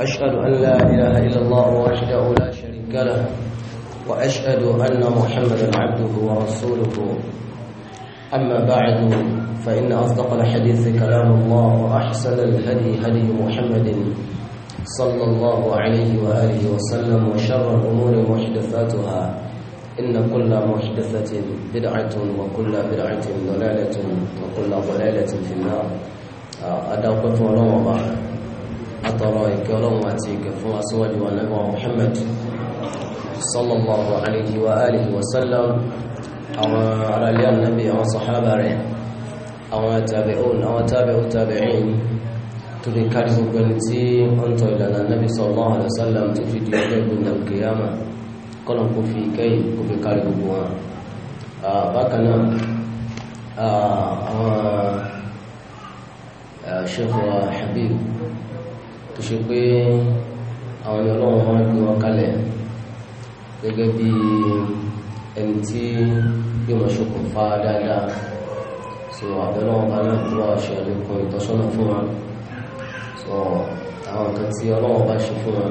أشهد أن لا إله إلا الله وحده لا شريك له وأشهد أن محمدا عبده ورسوله أما بعد فإن أصدق الحديث كلام الله وأحسن الهدي هدي محمد صلى الله عليه وآله وسلم وشر الأمور محدثاتها إن كل محدثة بدعة وكل بدعة ضلالة وكل ضلالة في النار أدعوكم الله tọrọ ìkẹ́ ọlọ́run àti ìkẹ́ fún aṣíwájú wa náà Muhammad sallallahu alayhi wa alihi wa sallam àwọn aráalé ànábì àwọn sàhábà rẹ̀ àwọn tabi'un àwọn tabi'u tabi'in tó lè kárí gbogbo ẹni tí wọ́n tọ ìlànà ànábì sallallahu alayhi wa sallam tó fi di ọjọ́ ìgbìmọ̀ kìyàmà kọ́lọ̀ kó fi kẹ́yìn kó fi kárí gbogbo wọn bákan náà àwọn ṣẹ́kọ̀ọ́ Habib tó ṣe pé àwọn ẹni ọlọ́run wọn gbé wọn kalẹ̀ gẹ́gẹ́ bí ẹni tí yóò máa ṣokùnfà dáadáa so àbẹ̀rẹ̀ wọn bá náà tó wà ṣe àlékún ìtọ́sọ́nà fún wa so àwọn nǹkan tí ọlọ́run bá ṣe fún wa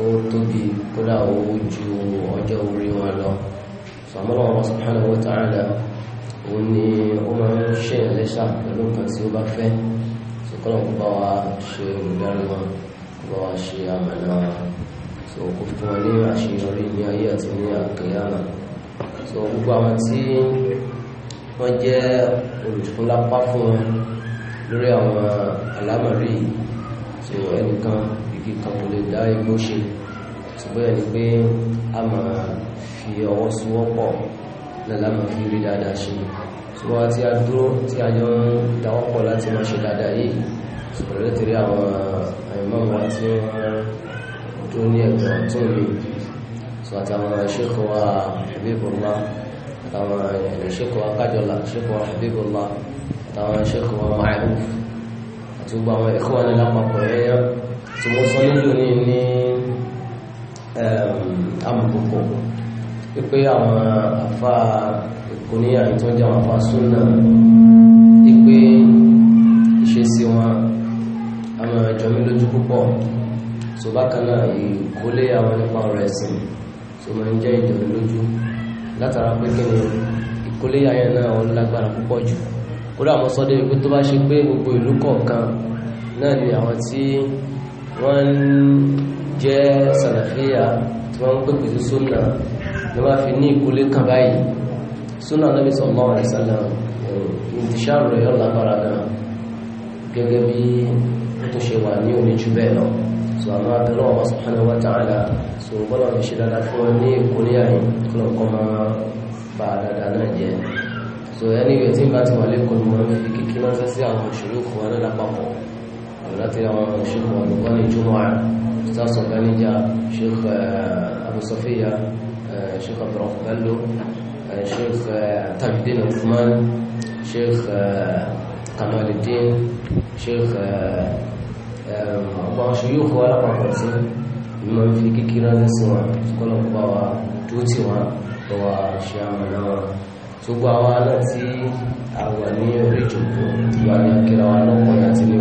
ó tóbi kódà ó ju ọjọ́ orí wọn lọ so àmọ́lọ́wọ́n bá subhanahu wa ta'ala òun ni ó máa ń ṣe ìlẹ́ṣà pẹ̀lú nǹkan tí ó bá fẹ́ kọ́lọ̀ kó bá wa ṣe olùdarí wọn bá wa ṣe àmàlà wa so kó fún wọn ní àṣeyọrí ní ayé àti ní àkèyàmà so gbogbo àwọn tí wọ́n jẹ́ olùkúnlápá fún wọn lórí àwọn àlámọ̀rí so ẹnìkan igi kan kò lè dá igbó ṣe ṣùgbọ́n ẹni pé a máa fi ọwọ́ sowọ́pọ̀ lọ́la máa fi rí dáadáa ṣe tí wọ́n ti a dúró tí a jọ ń dáwọ́pọ̀ láti máa ṣe dáadáa yìí sọ̀rọ̀ lẹ́tẹ̀rí àwọn àìmọ́ wa tí wọ́n tó ní ẹ̀gbọ́n tó mi sọ àti àwọn wa Habibullah àtàwọn ṣẹ́kọ̀ eh, wa kájọlá ṣẹ́kọ̀ wa Habibullah àtàwọn ṣẹ́kọ̀ wa Ma'ruf àti gbogbo àwọn ẹ̀kọ́ wa ní lápapọ̀ ẹ̀yẹ tí mo sọ nílò ní ní ehm, amukoko pípé àwọn àfáà kò ní àìtọ́jà wọn fa súnà wípé ìṣesí wọn a máa jọ mí lójú púpọ̀ tó bákan náà ìkólé àwọn nípa ọ̀rọ̀ ẹ̀sìn tó máa ń jẹ́ ìjọ mí lójú látara pé kí ni ìkólé àyẹn náà ó lágbára púpọ̀ jù kódà mo sọ débi pé tó bá ṣe pé gbogbo ìlú kọ̀ọ̀kan náà ni àwọn tí wọ́n ń jẹ́ sàlàfíà tí wọ́n ń pèpè sí súnà ni wọ́n fi ní ìkólé kan báyìí súnà nàbí sallallahu alaihi wasallam ìntìṣàrò rẹ̀ yọ̀ lágbára náà gẹ́gẹ́ bí ó tún ṣe wà ní omi jù bẹ́ẹ̀ lọ sọ àmọ́ abẹ́rẹ́ wọn subhanahu wa ta'ala sọ gbọ́dọ̀ ní ṣe dáadáa fún ọ ní ìkórè àyìn kí lọ kọ́ máa bá a dáadáa náà jẹ́ sọ ẹni ìwé tí ń bá ti wà lẹ́kọ̀ọ́ ni wọ́n fi kíkí ránṣẹ́ sí àwọn òṣèlú fún wọn lápapọ̀ láti àwọn òṣèlú wọn lùkọ́ ní jùmọ̀ à sọ́sọ̀ gánijá Sheikh Abu Sofiya Sheikh Abdulrahman Bello الشيخ تاج آه، الدين عثمان الشيخ آه، كمال الدين الشيخ آه، بعض شيوخ ولا بعضهم مما في كثير من السماء كل أربعة توتي ما هو شيئا ما هو سبعة ولا تي أغاني ريتشوب يعني كلا ولا كنا تني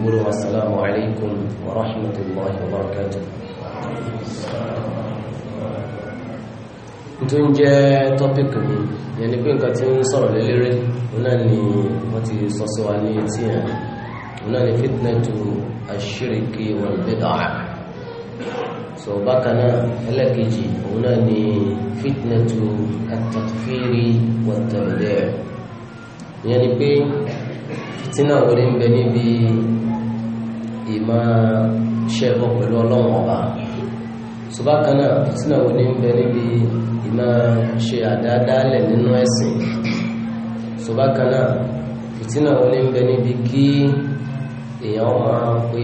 وبر الأمور عليكم ورحمة الله وبركاته. tó ń jẹ́ tọ́pìkì mi ìyẹn ni pé nǹkan tí ń sọ̀rọ̀ òun náà ni wọ́n ti sọ sí wa ní etí yẹn òun náà ni fitnatu so bákan náà ẹlẹ́kejì òun náà ni fitnatu at ni pé ń bẹ ọba so bákan náà ń ìmọ̀ ṣe àdáadáalẹ̀ nínú ẹ̀sìn ṣùgbọ́kaná ìtínà wọn ní bẹ níbi kí èèyàn máa pe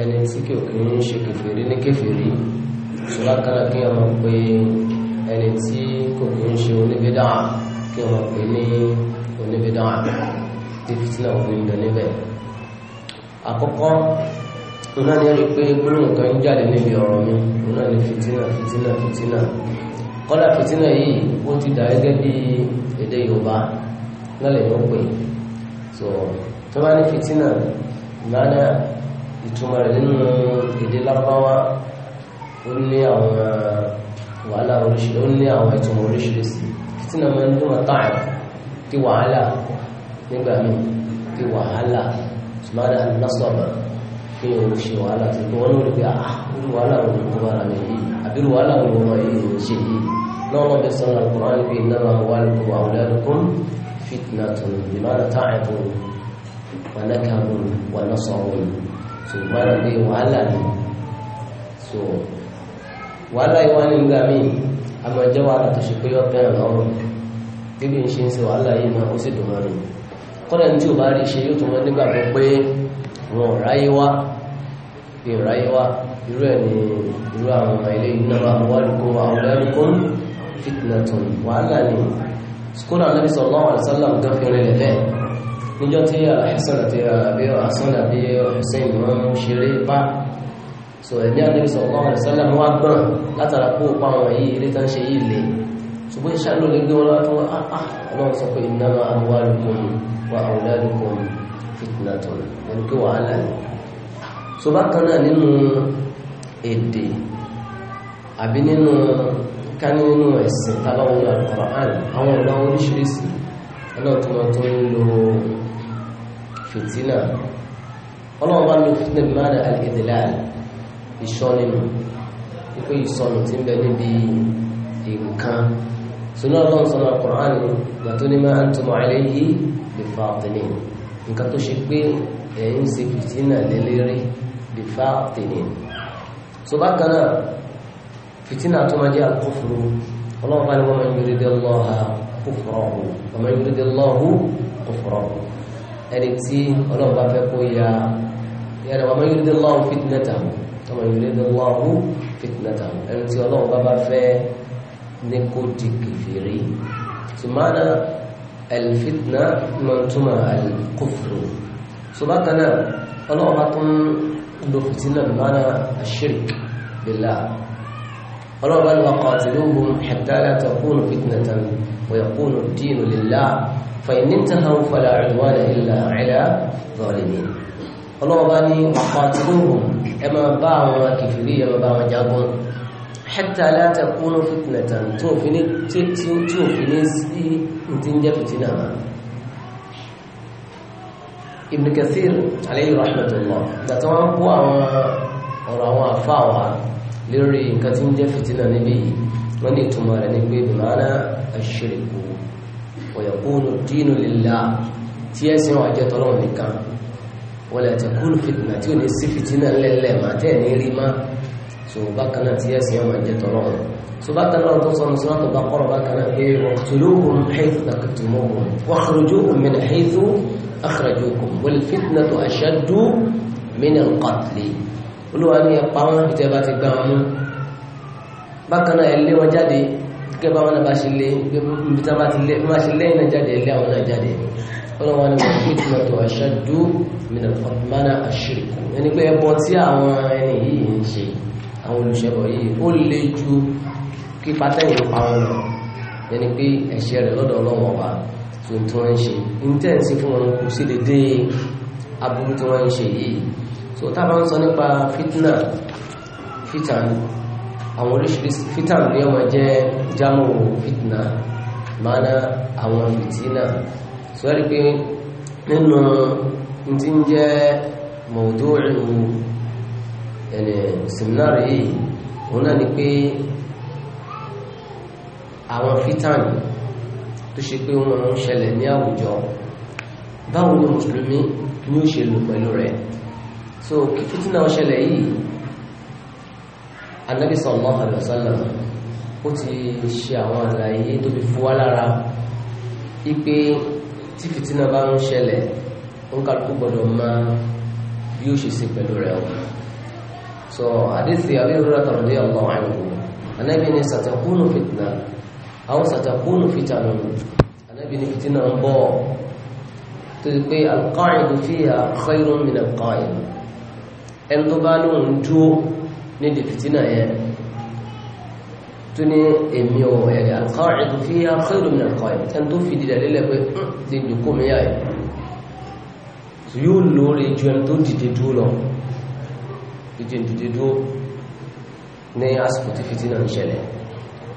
ẹni tí kò kí ń ṣe kèfèrí ní kèfèrí ṣùgbọ́kaná kí wọ́n máa pe ẹni tí kò kí ń ṣe oníbídà kí máa pe ní oníbídà tí náà wọn ní bẹ níbẹ̀ àkọ́kọ́ òun rí i pé gbólóhùn kan ń jáde níbi kọ́lá fìtínà yìí ó ti dà gẹ́gẹ́ bí èdè yorùbá lọ́lẹ̀ yóò pè so tó bá ní fìtínà ìmáná ìtumọ̀ rẹ̀ nínú èdè lábáwá ó ní àwọn wàhálà oríṣiríṣi ó ní àwọn ìtumọ̀ oríṣiríṣi fìtínà máa ń dúnmọ̀ táàmù kí wàhálà nígbà míì kí wàhálà ìmáná nasọ̀bà kí òun ṣe wàhálà tó kí wọ́n lórí pé ah wàhálà òun kò bára mi yìí irú wàhálà wo lọ́wọ́ yìí ń ṣe yìí lọ́wọ́ bẹ sọ̀rọ̀ àkùrọ̀ àyè pé iná máa wà lóko àwùlẹ́dùkún fitna tún ìmára táàbùn wànákàbùn wànásọ̀rùn ṣùgbọ́n àgbẹ̀ wàhálà ni so wàhálà yìí wọ́n ní nga mí àmọ́ jẹ́ wàhálà tó ṣe pé yọ bẹ́ẹ̀ lọ́rùn bíbí ń ṣe ń ṣe wàhálà yìí náà ó sì dùn mọ́ mi tí ò bá rí ṣe yóò tún mọ́ nígbàgbọ́ pé wọn ò ráyé wá irú ẹ̀ ni irú àwọn ilé ìnáwó àwọ̀lùkọ́ àwọ̀lùkọ́ fitnatun wàhálà ni kódà Nabi sallallahu alaihi wasallam gẹ́fẹ̀rẹ̀ rẹ̀ lẹ́ẹ̀ níjọ́ tí uh, Hasan àti uh, àbí uh, Hasan àbí Hussein wọn ń ṣeré pa so ẹ̀mí Nabi sallallahu alaihi wasallam wá gbọ́n látara kó pa àwọn yìí ilé tó ń ṣe yìí lè ṣùgbọ́n iṣẹ́ ló èdè àbí nínú kání nínú ẹ̀sìn tábàwọn ní Al-Qur'an àwọn ọ̀nà oríṣiríṣi ọlọ́run tó máa tó ń lo fìtínà ọlọ́run bá lo fìtínà bí máa dà al-idlal ìṣọ́ nínú wípé ìsọnù ti ń bẹ níbi nǹkan sunu ọlọ́run sọ̀rọ̀ al ìgbà tó ní ma antum alayhi bifātinin nǹkan tó ṣe pé ẹ̀yìn ṣe fìtínà lélẹ́rìí bifātinin so bákan náà fìtínà tó máa jẹ́ àkófòrò ọlọ́run bá ní wọ́n máa ń yọrí dé lọ́ha kófòrò ọ̀hún wọ́n máa ń yọrí dé lọ́hu kófòrò ọ̀hún ẹni tí ọlọ́run bá fẹ́ kó ya yàrá wọ́n máa ń yọrí dé lọ́hu fìtínàtà wọ́n máa ń yọrí dé lọ́hu fìtínàtà ẹni tí ọlọ́run bá bá fẹ́ ní kó di kìfìrí tùmánà ẹlẹ́fìtínà máa ń so bákan ọlọ́run bá tún له فتنة بمعنى الشرك بالله قالوا بل وقاتلوهم حتى لا تكون فتنة ويكون الدين لله فإن انتهوا فلا عدوان إلا على الظالمين قالوا بل وقاتلوهم أما باعوا كفرية وباعوا جابون حتى لا تكون فتنة توفني توفني انتنجا فتنة Ibn Kathir alayhi rahmatullah dàtí wọ́n kó àwọn ọ̀rọ̀ àwọn àfáwà lórí nǹkan tí ń jẹ́ fìtínà níbí wọ́n ní ìtumọ̀ rẹ̀ ní pé bìmọ̀nà ash-shirku wa yakunu ad-dinu lillah tí ẹ̀sìn wà jẹ́ tọ́lọ́wọ̀n nìkan wala takunu fìtínà tí ò ní sí fìtínà lẹ́lẹ̀ máa tẹ́ ní rí má so bákan náà tí ẹ̀sìn wà jẹ́ tọ́lọ́wọ̀n so bákan náà tó sọ musulman tó bá kọ́rọ̀ bákan náà pé waqtuluhum haythu taqtumuhum akhrajukum wal fitnatu ashaddu min al-qatl olúwa ní ẹ̀pá wọn ìtẹ́ bá ti gbá wọn mú bákan náà ẹ̀lé wọn jáde kí ẹ̀bá wọn náà bá ṣe lé ibi tí wọ́n bá ṣe lẹ́yìn náà jáde ẹ̀lé àwọn náà jáde olúwa ní wal fitnatu ashaddu min al-qatl mana ashirku ẹni pé ẹbọ tí àwọn ẹni yìí ń ṣe àwọn olùṣẹ́bọ̀ le ju kí pátẹ́yìn pa wọn lọ ẹni pé ẹ̀ṣẹ̀ rẹ̀ lọ́dọ̀ ọlọ́wọ́n wa Tụtụ ṣe intense fún wọn kò sí dédé aburú tí so tá a bá ń sọ nípa fitna fitan àwọn oríṣiríṣi fitan ní ọmọ jamu fitna mana àwọn fitina so rí pé nínú ti ń jẹ́ mọ̀ọ́dúnrún ẹni seminar yìí òun náà ni pé àwọn fitan yìí tó ṣe pé wọ́n ń ṣẹlẹ̀ ní àwùjọ báwo ni mùsùlùmí ni ó ṣe lò pẹ̀lú rẹ̀ so kí fìtínà ṣẹlẹ̀ yìí anabi sallallahu alaihi wasallam ó ti ṣe àwọn àlàyé tó fi fún wa lára ipe tí fìtínà bá ń ṣẹlẹ̀ ó ń kálukú gbọdọ̀ máa bí ó ṣe ṣe pẹ̀lú rẹ̀ ọ̀hún so àdéhùn àbí ìrora tàbí ọlọ́wọ́ àyìnbó anabi ni sàtẹ̀kùnù fìtínà àwọn sàtàkùnù fìtà nù anábì ní fìtínà ń bọ̀ tó ti pé alqa'idu fiha khayrun min alqa'im ẹni tó bá lóun dúó nídi fìtínà yẹn tó ní èmi ò ẹ̀rí alqa'idu fiha khayrun min alqa'im ẹni tó fìdí rẹ̀ lélẹ̀ pé ti dùkú mi yá yìí yóò lóore ju ẹni tó dìde dúó lọ dìde dúó ní àsìkò tí fìtínà ń ṣẹlẹ̀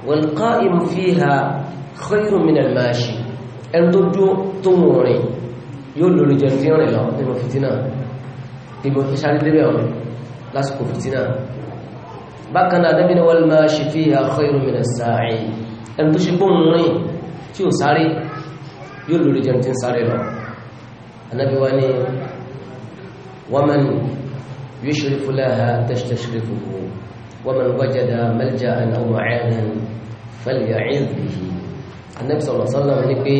والقائم فيها خير من الماشي ان تجو تموري يقول له جنتيون لا تبقى فتنة تبقى تشاري دبيون لاسكو فتنا بكنا دمين والماشي فيها خير من الساعي ان تشبوني شو ساري يقول له جنتين ساري لا النبي واني ومن يشرف لها تشتشرفه ومن وجد ملجا او معادا فليعذ به النبي صلى الله عليه وسلم ní pé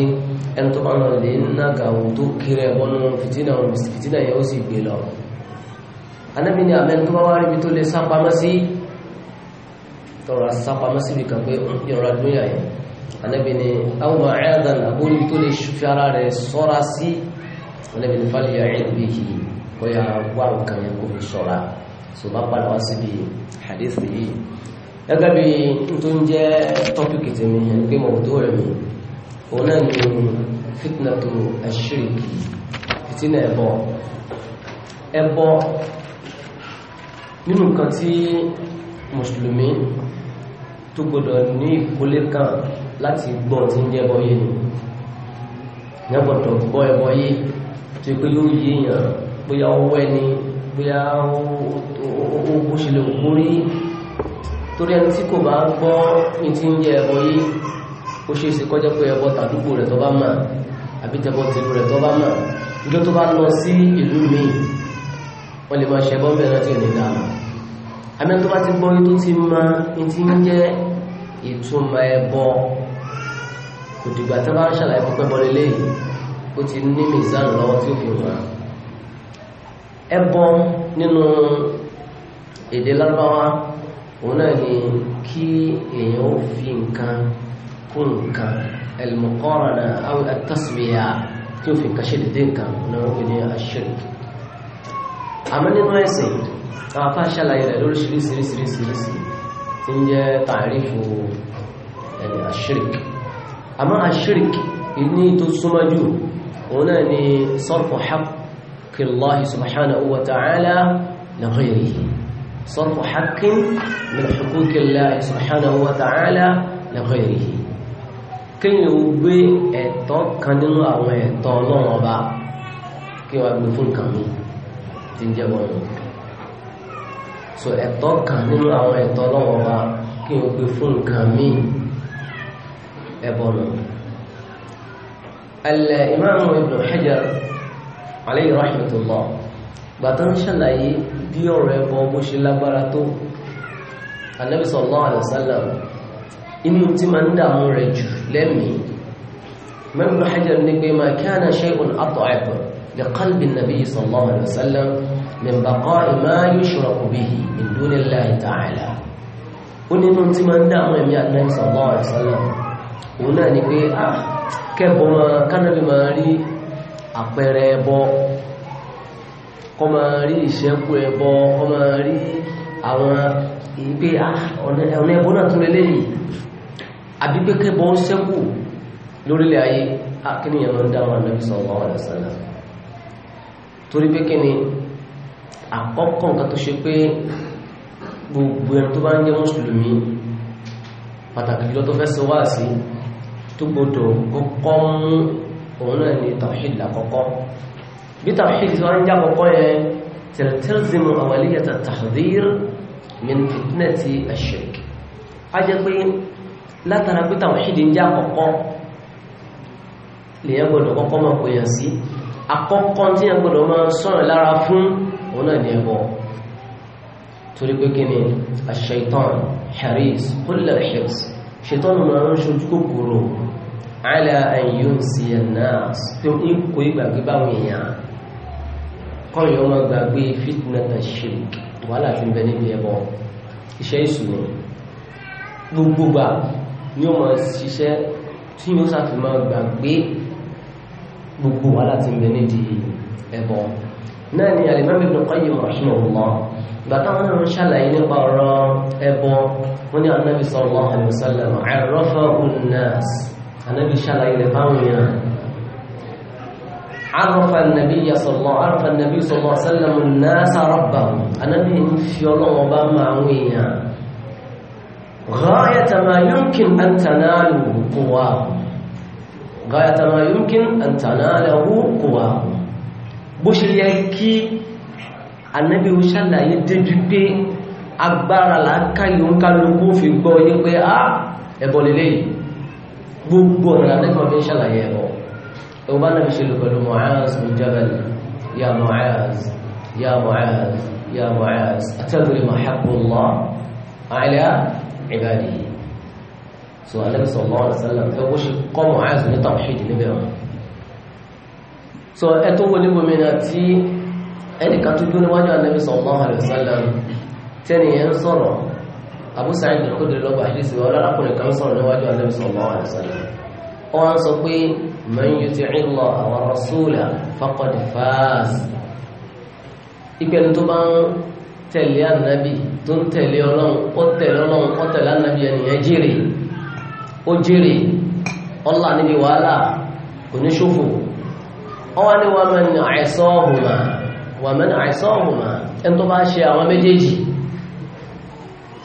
ẹni tó bá lọ lè ná gàwọn tó kiri ẹ̀bọnú fìtínà òun fìtínà yẹn ó sì gbé lọ anábì ní àmẹ́ni tó bá wá ríbi tó lè sápamọ́ sí tọrọ sápamọ́ síbi kan pé ìrọ̀lá dúnyà yẹn anábì ní àwọn ẹ̀ẹ́dàn àbórí tó lè fi ara rẹ̀ sọ́ra sí anábì ní fàlìyà ẹ̀ ń bí yìí kọ́ ya wá nǹkan yẹn kó fi sọ́ra ṣùgbọ́n padà wá síbi hadith yìí gẹ́gẹ́ bí tó ń jẹ́ tọ́pìkì tèmi ẹni pé mo tó rẹ̀ mi òun náà ni fitnatu ashiriki fitina ẹbọ ẹbọ nínú nǹkan tí mùsùlùmí tó gbọdọ̀ ní ìkólé kan láti gbọ́n tí ń jẹ́ ẹbọ yìí ni ìyẹn gbọdọ̀ gbọ́ ẹbọ yìí tó yẹ pé yóò yé bóyá ọwọ́ ẹni bóyá ó bó ṣe lè kó rí torí ẹni tí kò bá gbọ́ ní ti ń jẹ ẹbọ yìí ó ṣe é ṣe kọjá pé ẹbọ tàdúgbò rẹ̀ tó bá mà àbí tẹbọ tìlú rẹ̀ tó bá mà ìjọ tó bá lọ sí ìlú míì wọ́n lè máa ṣẹbọ bẹ́ẹ̀ láti ẹni dáa àmì tó bá ti gbọ́ yìí tó ti ma ní ti ń jẹ́ ìtumọ̀ ẹbọ kò dìgbà tí wọ́n bá ń ṣàlàyé pípẹ́ bọ́ lélẹ́yìí ó ti ní mìsàn lọ́wọ́ tí ó fi hàn ẹbọ nínú èdè lárúbáwá òun náà ni kí èèyàn ó fi nǹkan kún nǹkan ẹlmọkọrànà àwọn àtàsíwìyà tí ó fi nǹkan ṣe dédé nǹkan náà ó ní àṣírí àmọ́ nínú ẹ̀sìn àwọn afá ṣàlàyé rẹ̀ lóríṣiríṣiríṣiríṣi tí ń jẹ́ tàrífù ẹni àṣírí àmọ́ àṣírí ní tó súnmọ́ jù òun náà ni sọ́rfù hapù حق الله سبحانه وتعالى لغيره صرف حق من حقوق الله سبحانه وتعالى لغيره كن يوبي اتو كانن او اتو لون با كي واب نفون كامي تنجا وون سو اتو كانن او اتو لون با كي يوبي فون كامي ابون الامام ابن حجر alayhi rahmatullah gbàtọ́ ń ṣàlàyé bí ọ̀rọ̀ ẹbọ bó ṣe lágbára tó anabi sallallahu alayhi wa sallam inú tí ma ń dààmú rẹ̀ jù lẹ́mìí mẹ́rin hajjar ní pé ma kana shay'un at'ab li qalbi nabi sallallahu alayhi wa sallam min baqa'i ma yushraku bihi min dunillahi ta'ala ó nínú tí ma ń dààmú ẹ̀mí anabi àpẹẹrẹ ẹbọ kọ́ máa rí ìṣẹ́kù ẹbọ kọ́ máa rí àwọn ìgbé ah, ọ̀nà ẹbọ náà tún lélẹ́ yìí àbí pé kẹ́bọ ń ṣẹ́kù lórílẹ̀ ayé akínìyàn ah, máa ń dá wọn lọ́bí sọ̀rọ̀ àwọn ọ̀nà torí pé kíni àkọ́kọ́ nǹkan tó ṣe pé gbogbo ẹni tó bá ń jẹ́ mùsùlùmí pàtàkì jùlọ tó fẹ́ sọ wá sí tó gbọdọ̀ kọ́kọ́ mú òun náà ni tawhid lákọ́kọ́ bí tawhid tí wọ́n ń já kọ́kọ́ yẹn tẹ̀lẹ̀tẹ̀lẹ̀zimu awaliyata tahdhir min fitnati ash-shirk a jẹ́ pé látara pé tawhid ń já kọ́kọ́ lèyàn gbọ́dọ̀ kọ́kọ́ máa pè yàn sí akọ́kọ́ tí yàn gbọ́dọ̀ sọ̀rọ̀ lára fún òun náà ni ẹbọ torí pé kí ni ash haris kulla hirs ṣètọ́nù máa ń ṣojú kòkòrò ala an yunsiya an-nas tó ń kó ìgbàgbé báwọn èèyàn kọ́nà yóò máa gbàgbé fitnata shirk wàhálà tí ń bẹ níbi ẹbọ iṣẹ́ ìṣòro gbogbo gbà ni ó máa ṣiṣẹ́ tí yóò sáfi máa gbàgbé gbogbo wàhálà tí ń bẹ nídìí ẹbọ náà ni al-Imam Ibn Qayyim rahimahullah bàtà wọn náà ṣàlàyé nípa ọ̀rọ̀ ẹbọ wọn ni Annabi sallallahu alaihi wasallam arrafahu an-nas النبي شلا لقومنا عرف النبي صلى الله عرف النبي صلى الله عليه وسلم الناس ربهم النبي في الله وبما ويا غاية ما يمكن أن تناله قواه غاية ما يمكن أن تناله قواه بوش يكي النبي وشلا يدجبي agbára làákàyè ń kálukú في gbọ́ yí pé á ẹ̀bọ̀ gbogbo ọ̀nà nípa fi ń ṣàlàyé ẹ̀bọ̀ ẹ̀wọ̀n bá nàbí ṣe lò pẹ̀lú Mu'az bin Jabal ya Mu'az ya Mu'az ya Mu'az atadri ma haqqullah ala ibadihi so anabi sallallahu alaihi wasallam ẹ̀wọ́ ṣe kọ́ Mu'az ní tawhid níbẹ̀ wọn so ẹ tó wọlé bomi náà tí ẹnìkan tó dún níwájú anabi Abu Sa'id al-Khudri lọ́gbà àdìsí ọlọ́lákùnrin kan sọ̀rọ̀ níwájú Ànábì sallallahu alaihi wasallam ó wá ń sọ pé man yuti'i Allaha wa rasulahu faqad faz ìpẹ́ni tó bá ń tẹ̀lé ànábì tó ń tẹ̀lé ọlọ́run ó tẹ̀lé ọlọ́run ó tẹ̀lé ànábì ẹnìyẹn jèrè ó jèrè ọlá níbi wàhálà oníṣòfò ọwá ní àìsọ́ ọ̀hùnmá ẹni tó bá ṣe àwọn méjèèjì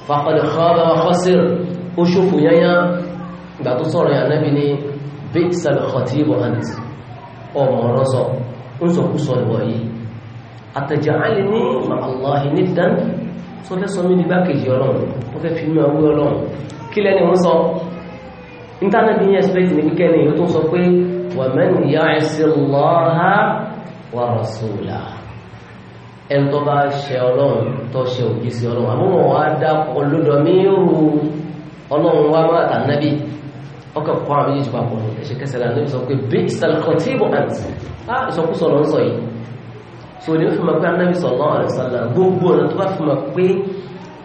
faqad khaba wa khasir ó ṣòfò yányá ìgbà tó sọ̀rọ̀ yà nábì ní bi'sal khatibu ant ọmọ ọ̀rọ̀ sọ ń sọ kú sọ ìwọ̀ yìí ataj'alni ma'allahi niddan tó fẹ́ sọ mí ní bákejì ọlọ́run tó fẹ́ fi mí ọwọ́ ọlọ́run kí lẹ́ni ń sọ ìntánẹ́bí ní ẹ̀sìpẹ́tì ní kíkẹ́ ní ìlú tó sọ pé wa man ya'si Allaha wa rasulahu ẹni tó bá ṣe ọlọ́run tó ṣe òjì sí ọlọ́run àmúmọ̀ wá dá olódò mírù ọlọ́run wá má tà nábì ọkọ̀ kọ́ àwọn méjèèjì papọ̀ ẹ̀ṣẹ̀ kẹsẹ̀lá níbi sọ pé bí sàlùkọ̀tìbù àti á ìsọkúsọ lọ ń sọ yìí so ní fún ma pé anábì sọ̀lọ́ àrẹ̀sálà gbogbo ọ̀nà tó bá fi ma pé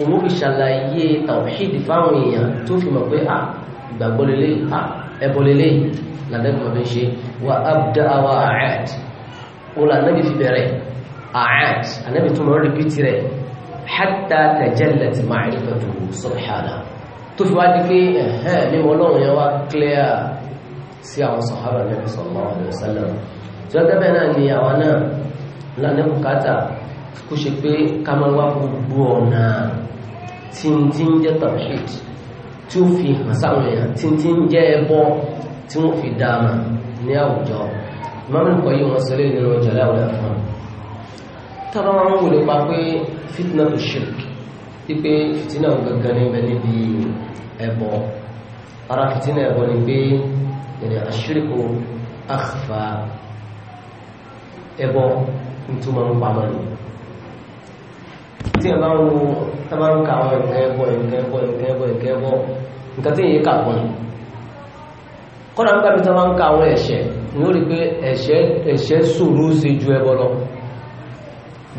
òun fi ṣàlàyé tàwíìdì fáwọn èèyàn tó fi ma pé à ah, ìgbàgbọ́ lélẹ̀ à ah, ẹbọ lélẹ̀ làdẹ́gbọ̀n fi ṣe wa àrẹ̀ òun làdẹ́gbẹ̀ fi ààt anábì tó mọ̀ rìpítì rẹ̀ hátà tẹ̀jẹ̀lẹ̀ ti máa rí pẹ̀tù sọ̀hánà tó fi wá di pé ẹ̀hẹ́n mímọ̀ ọlọ́run yẹn wá clear sí àwọn sọ̀hánà nẹ́bí sọ̀lọ́ ọ̀dọ̀sẹ́lẹ̀ tí ó gẹ́gẹ́ náà ni àwọn náà lánàá bùkátà kó ṣe pé ká máa wá gbogbo ọ̀nà tí ń tí ń jẹ́ tawhid tí ó fi hàn sáwọn èèyàn tí ń tí ń jẹ́ ẹbọ tí wọ́n fi dáa mà ní àwùjọ ìmọ̀ mi kọ́ yìí wọ́n sọ lé nínú ọjọ́ láwùjọ fún un tọ́rọ wọn wò nípa pé fitna tó ṣirk wípé fitina gangan níbẹ̀ níbi ẹbọ ara fitina ẹbọ ni pé ẹni àṣírìkò àkàfà ẹbọ tó máa ń pamọ́ ni tí ẹ bá ń wo tá bá ń ka àwọn nǹkan ẹbọ nǹkan ẹbọ nǹkan ẹbọ nǹkan ẹbọ nǹkan tí èyí kà pọ̀ ni kọ́nà nígbà tí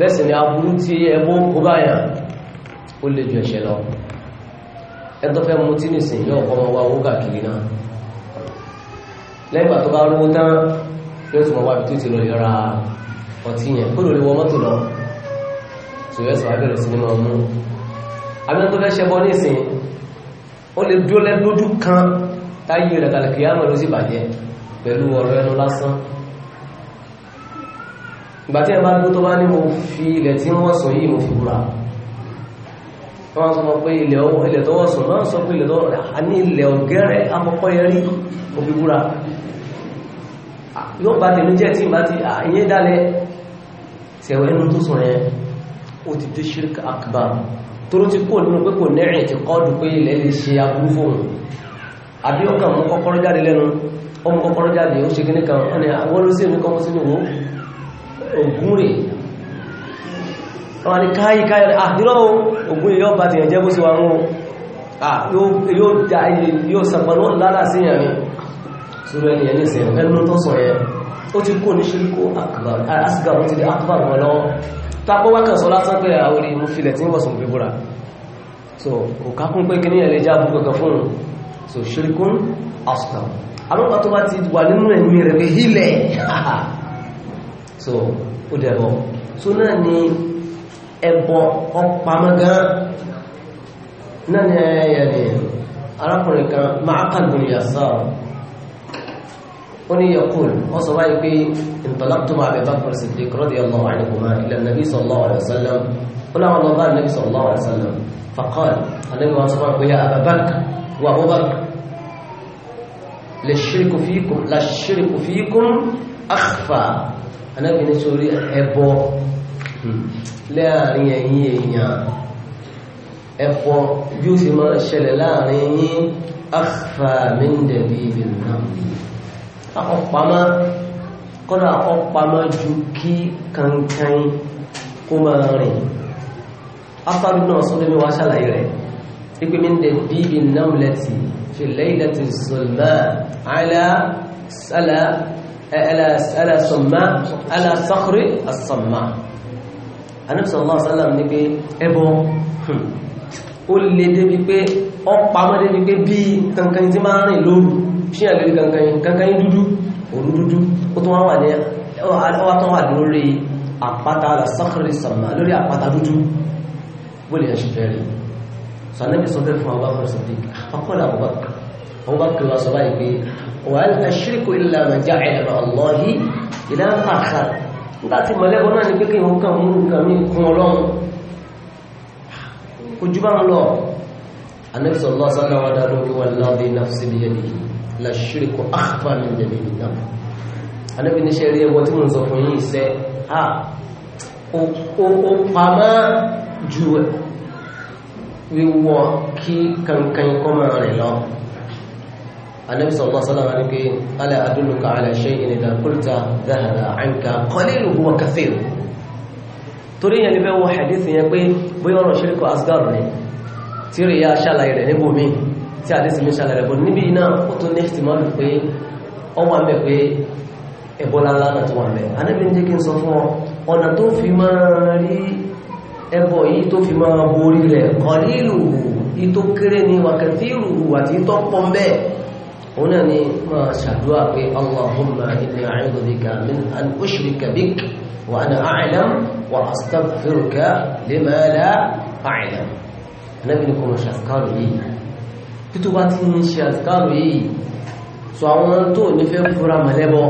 bẹ́ẹ̀ ni aburú tí ẹbú kó báyà ó lè ju ẹ̀ṣẹ̀ lọ ẹ̀tọ́ fẹ́ mú tí nìsín yóò kọ́ wa owó káàkiri náà lẹ́gbà tó bá rówó tán yóò tún mọ wá ibi tó ti lọ yọra ọtí yẹn kó ló lè wọ mọ́tò lọ tó yẹ sọ abẹ́rẹ́ sí ni máa mú àmì tó fẹ́ ṣẹbọ nìsín ó lè dúró lẹ́dójú kan táyé rẹ̀ kàlẹ́kìá mọ̀ ló sì bàjẹ́ pẹ̀lú ọ̀rọ̀ ẹnu lásán ìgbà tí ẹ bá dúró tó bá ní mo fi ilẹ̀ tí wọ́n sọ yìí mo fi búra wọ́n sọ pé ilẹ̀ tó wọ́n sọ náà sọ pé ilẹ̀ tó wọ́n ní ilẹ̀ ọ̀gẹ́rẹ́ akọ́kọ́ yẹn rí mo fi búra ah, yóò bá tèmi jẹ́ tí ìbá ti àyè ah, dálẹ̀ sẹ̀wẹ̀ inú tó sọ yẹn ó ti dé shirk akbar tóró ti kó nínú pé kò nẹ́rìn ti kọ́ọ̀dù pé ilẹ̀ lè ṣe aburú fóun àbí ọkàn mú kọ́kọ́rọ́ jáde lẹ́nu ọmọ kọ́kọ́rọ́ jáde ó ṣe kíní kan ah, wọ́n ló sí èmi kọ́kọ́ sínú wo ògún rẹ̀ wọ́n ni káyí káyí rẹ̀ àdírọ́ ah, ògún yóò bá ti ẹ̀jẹ́ bó ah, sí wa mú yóò dá ilé yóò sàpàlọ́ lára sí ìyàmí sórí ẹni ẹni sẹ̀rọ̀ ẹnu tó sọ yẹ ó ti kó ní ṣíríkó ah, asìgbàrún ti di akbar wọn lọ́wọ́ tapọ́ wákàn sọ lásán pé àwọn ìmú filẹ̀ tí so kò kákún pé kíní ẹ̀lẹ́ já so ṣíríkún asìgbàrún alọ́pàá tó bá ti wà nínú ẹ̀mí so ó dẹ̀bọ̀ so náà ni ẹbọ ọpamọ́gán náà ni ẹyẹ eh, ni arákùnrin kan máa kàdùn yàsá ó ní yẹkùn wọ́n sọ báyìí pé ìtọ́láptọ́ máa bẹ̀ bá kọ̀rọ̀ sí ti kọ́rọ̀ díẹ̀ lọ́wọ́ àìníkùnmá ilẹ̀ nàbí sallallahu alaihi ó láwọn lọ́wọ́ nàbí sallallahu alaihi wasallam faqal wọn sọ fún àpéyà àbábákà wà Abubakar la shirku fikum la shirku fikum anábì ní sórí ẹbọ hmm. láàrin ẹ̀yin èèyàn ẹ̀fọ́ bí ó sì máa ṣẹlẹ̀ láàrin yín akhfa min dabibil ramli akọ̀pamọ́ kọ́dà akọ̀pamọ́ ju kí kankan kó máa rìn afárí náà sọ́dọ̀ mi wá ṣàlàyé rẹ̀ ipe min dabibil ramlati fi laylati zulma ala sálà ala sọ̀má ala sọ́kúrí asọ̀má Ànábì sallallahu alaihi wasallam ní pé ẹbọ ó lè débi pé ọ pamọ́ débi pé bí kankan tí máa rìn lóru ṣí àgbẹ̀rẹ̀ kankan kankan dúdú òru dúdú ó tún wá wà ní ọwá tán wà lórí àpáta ala sọ́kúrí sọ̀má lórí àpáta dúdú bó lè ṣe fẹ́ rí sọ Ànábì sọ fẹ́ fún Abubakar Siddiq àkọ́kọ́ làbúbakar àwọn bá kiri wá sọ báyìí pé wàhálà aṣíríkò ìlànà já ẹ̀rọ ọlọ́hí ìlànà àkà nígbà tí mọ̀lẹ́bọ náà ní kékeré wọn kàn mú nǹkan mí kún ọlọ́run ojú bá ń lọ anabi sọlọ sọlọ wa dàdú kí wọn náà bí náà síbi yẹn nìyí la ṣíríkò àkàfà mi jẹ̀bi nìyà anabi níṣẹ́ rí ẹwọ tí mo ń sọ fún yín sẹ́ a ó pamọ́ ju wíwọ kí kankan kọ́ máa rìn النبي صلى الله عليه وسلم قال ألا أدلك على شيء إذا قلت ذهب عنك قليل هو كثير torí yẹn ni bẹ́ wọ hadithi yẹn pé bóyá ọ̀rọ̀ ṣíríkù asgar ni tí rí ya ṣàlàyé rẹ̀ níbò mí tí àdísì mi ṣàlàyé bọ̀ níbi iná ó tún ní ìtìmọ́lù pé ọ wà mẹ́ pé ẹbọ́lá lánà tó wà mẹ́ anábì ń jẹ́ kí n sọ fún ọ ọ̀nà tó fi máa rí ẹbọ yìí tó fi máa borí rẹ̀ kọ̀lílù yìí tó kéré ni wàkàtí ìrù àti ìtọ́pọ̀ bẹ́ẹ̀ òun náà ni máa ṣàdúrà pé allahumma inni a'udhu bika min an ushrika bik wa ana a'lam wa astaghfiruka lima la a'lam anábì ní kò mọ̀ ṣàkárò yìí títú bá ti ń ṣe àkárò yìí sọ àwọn tó nífẹ̀ẹ́ fúra mọ̀lẹ́bọ̀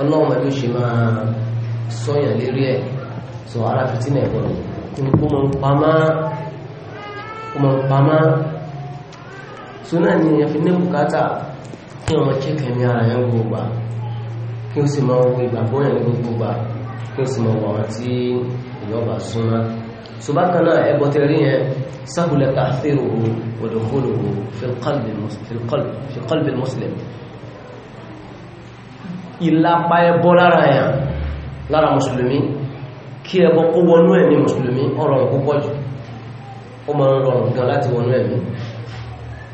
ọlọ́run ẹ̀dọ́ ṣe máa sọyàn lérí ẹ̀ sọ ara fìtínà ẹ̀bọ̀ ni kó mọ̀ ń pamá tó náà ni èèyàn fi ní bùkátà kí ọmọ kíkẹ́ ní ara yẹn gbogbo gbà kí ó sì máa wo ìgbàgbọ́ yẹn ní gbogbo gbà kí ó sì máa wọ àwọn tí èèyàn bá súnmọ́ ẹbọ tẹ yẹn sábùlẹ̀ káfíìrù òdòkólò fìlkọ́lbì mùsùlùmí ìlàpá ẹbọ lára yẹn lára mùsùlùmí kí ẹbọ kó wọnú ẹ̀mí mùsùlùmí ọ̀rọ̀ ọ̀pọ̀ jù ó máa ń rọrùn gan láti wọnú ẹ̀mí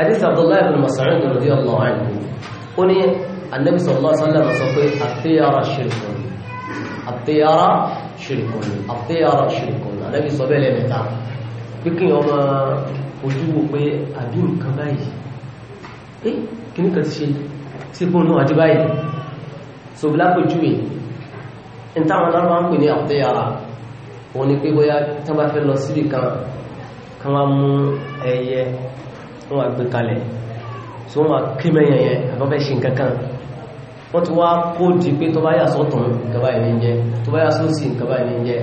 hadith abdullahi bin mas'ud radiyallahu anhu ó ní anabi sallallahu alaihi wasallam sọ pé àtẹ́yàrá ṣirkun àtẹ́yàrá ṣirkun àtẹ́yàrá ṣirkun anabi sọ bẹ́ẹ̀ lẹ́mẹ̀ta pé kí ọmọ ojú wo pé àbí nǹkan báyìí ẹ eh, kí ní kan ti ṣe sí fún náà àti báyìí so bí lápòjúwe ní táwọn aláwọ̀ ń pè ní àtẹ́yàrá òun ni pé bóyá tábà fẹ́ lọ síbì kan kan wá mú ẹyẹ wọ́n wá gbé kalẹ̀ so wọ́n wá kí mẹ́yẹn yẹn àbọ́fẹ́ ṣe nǹkan kan wọ́n ti wá kó di pé tó bá yà sọ́tún nǹkan báyìí jẹ́ tó bá yà sósì nǹkan báyìí jẹ́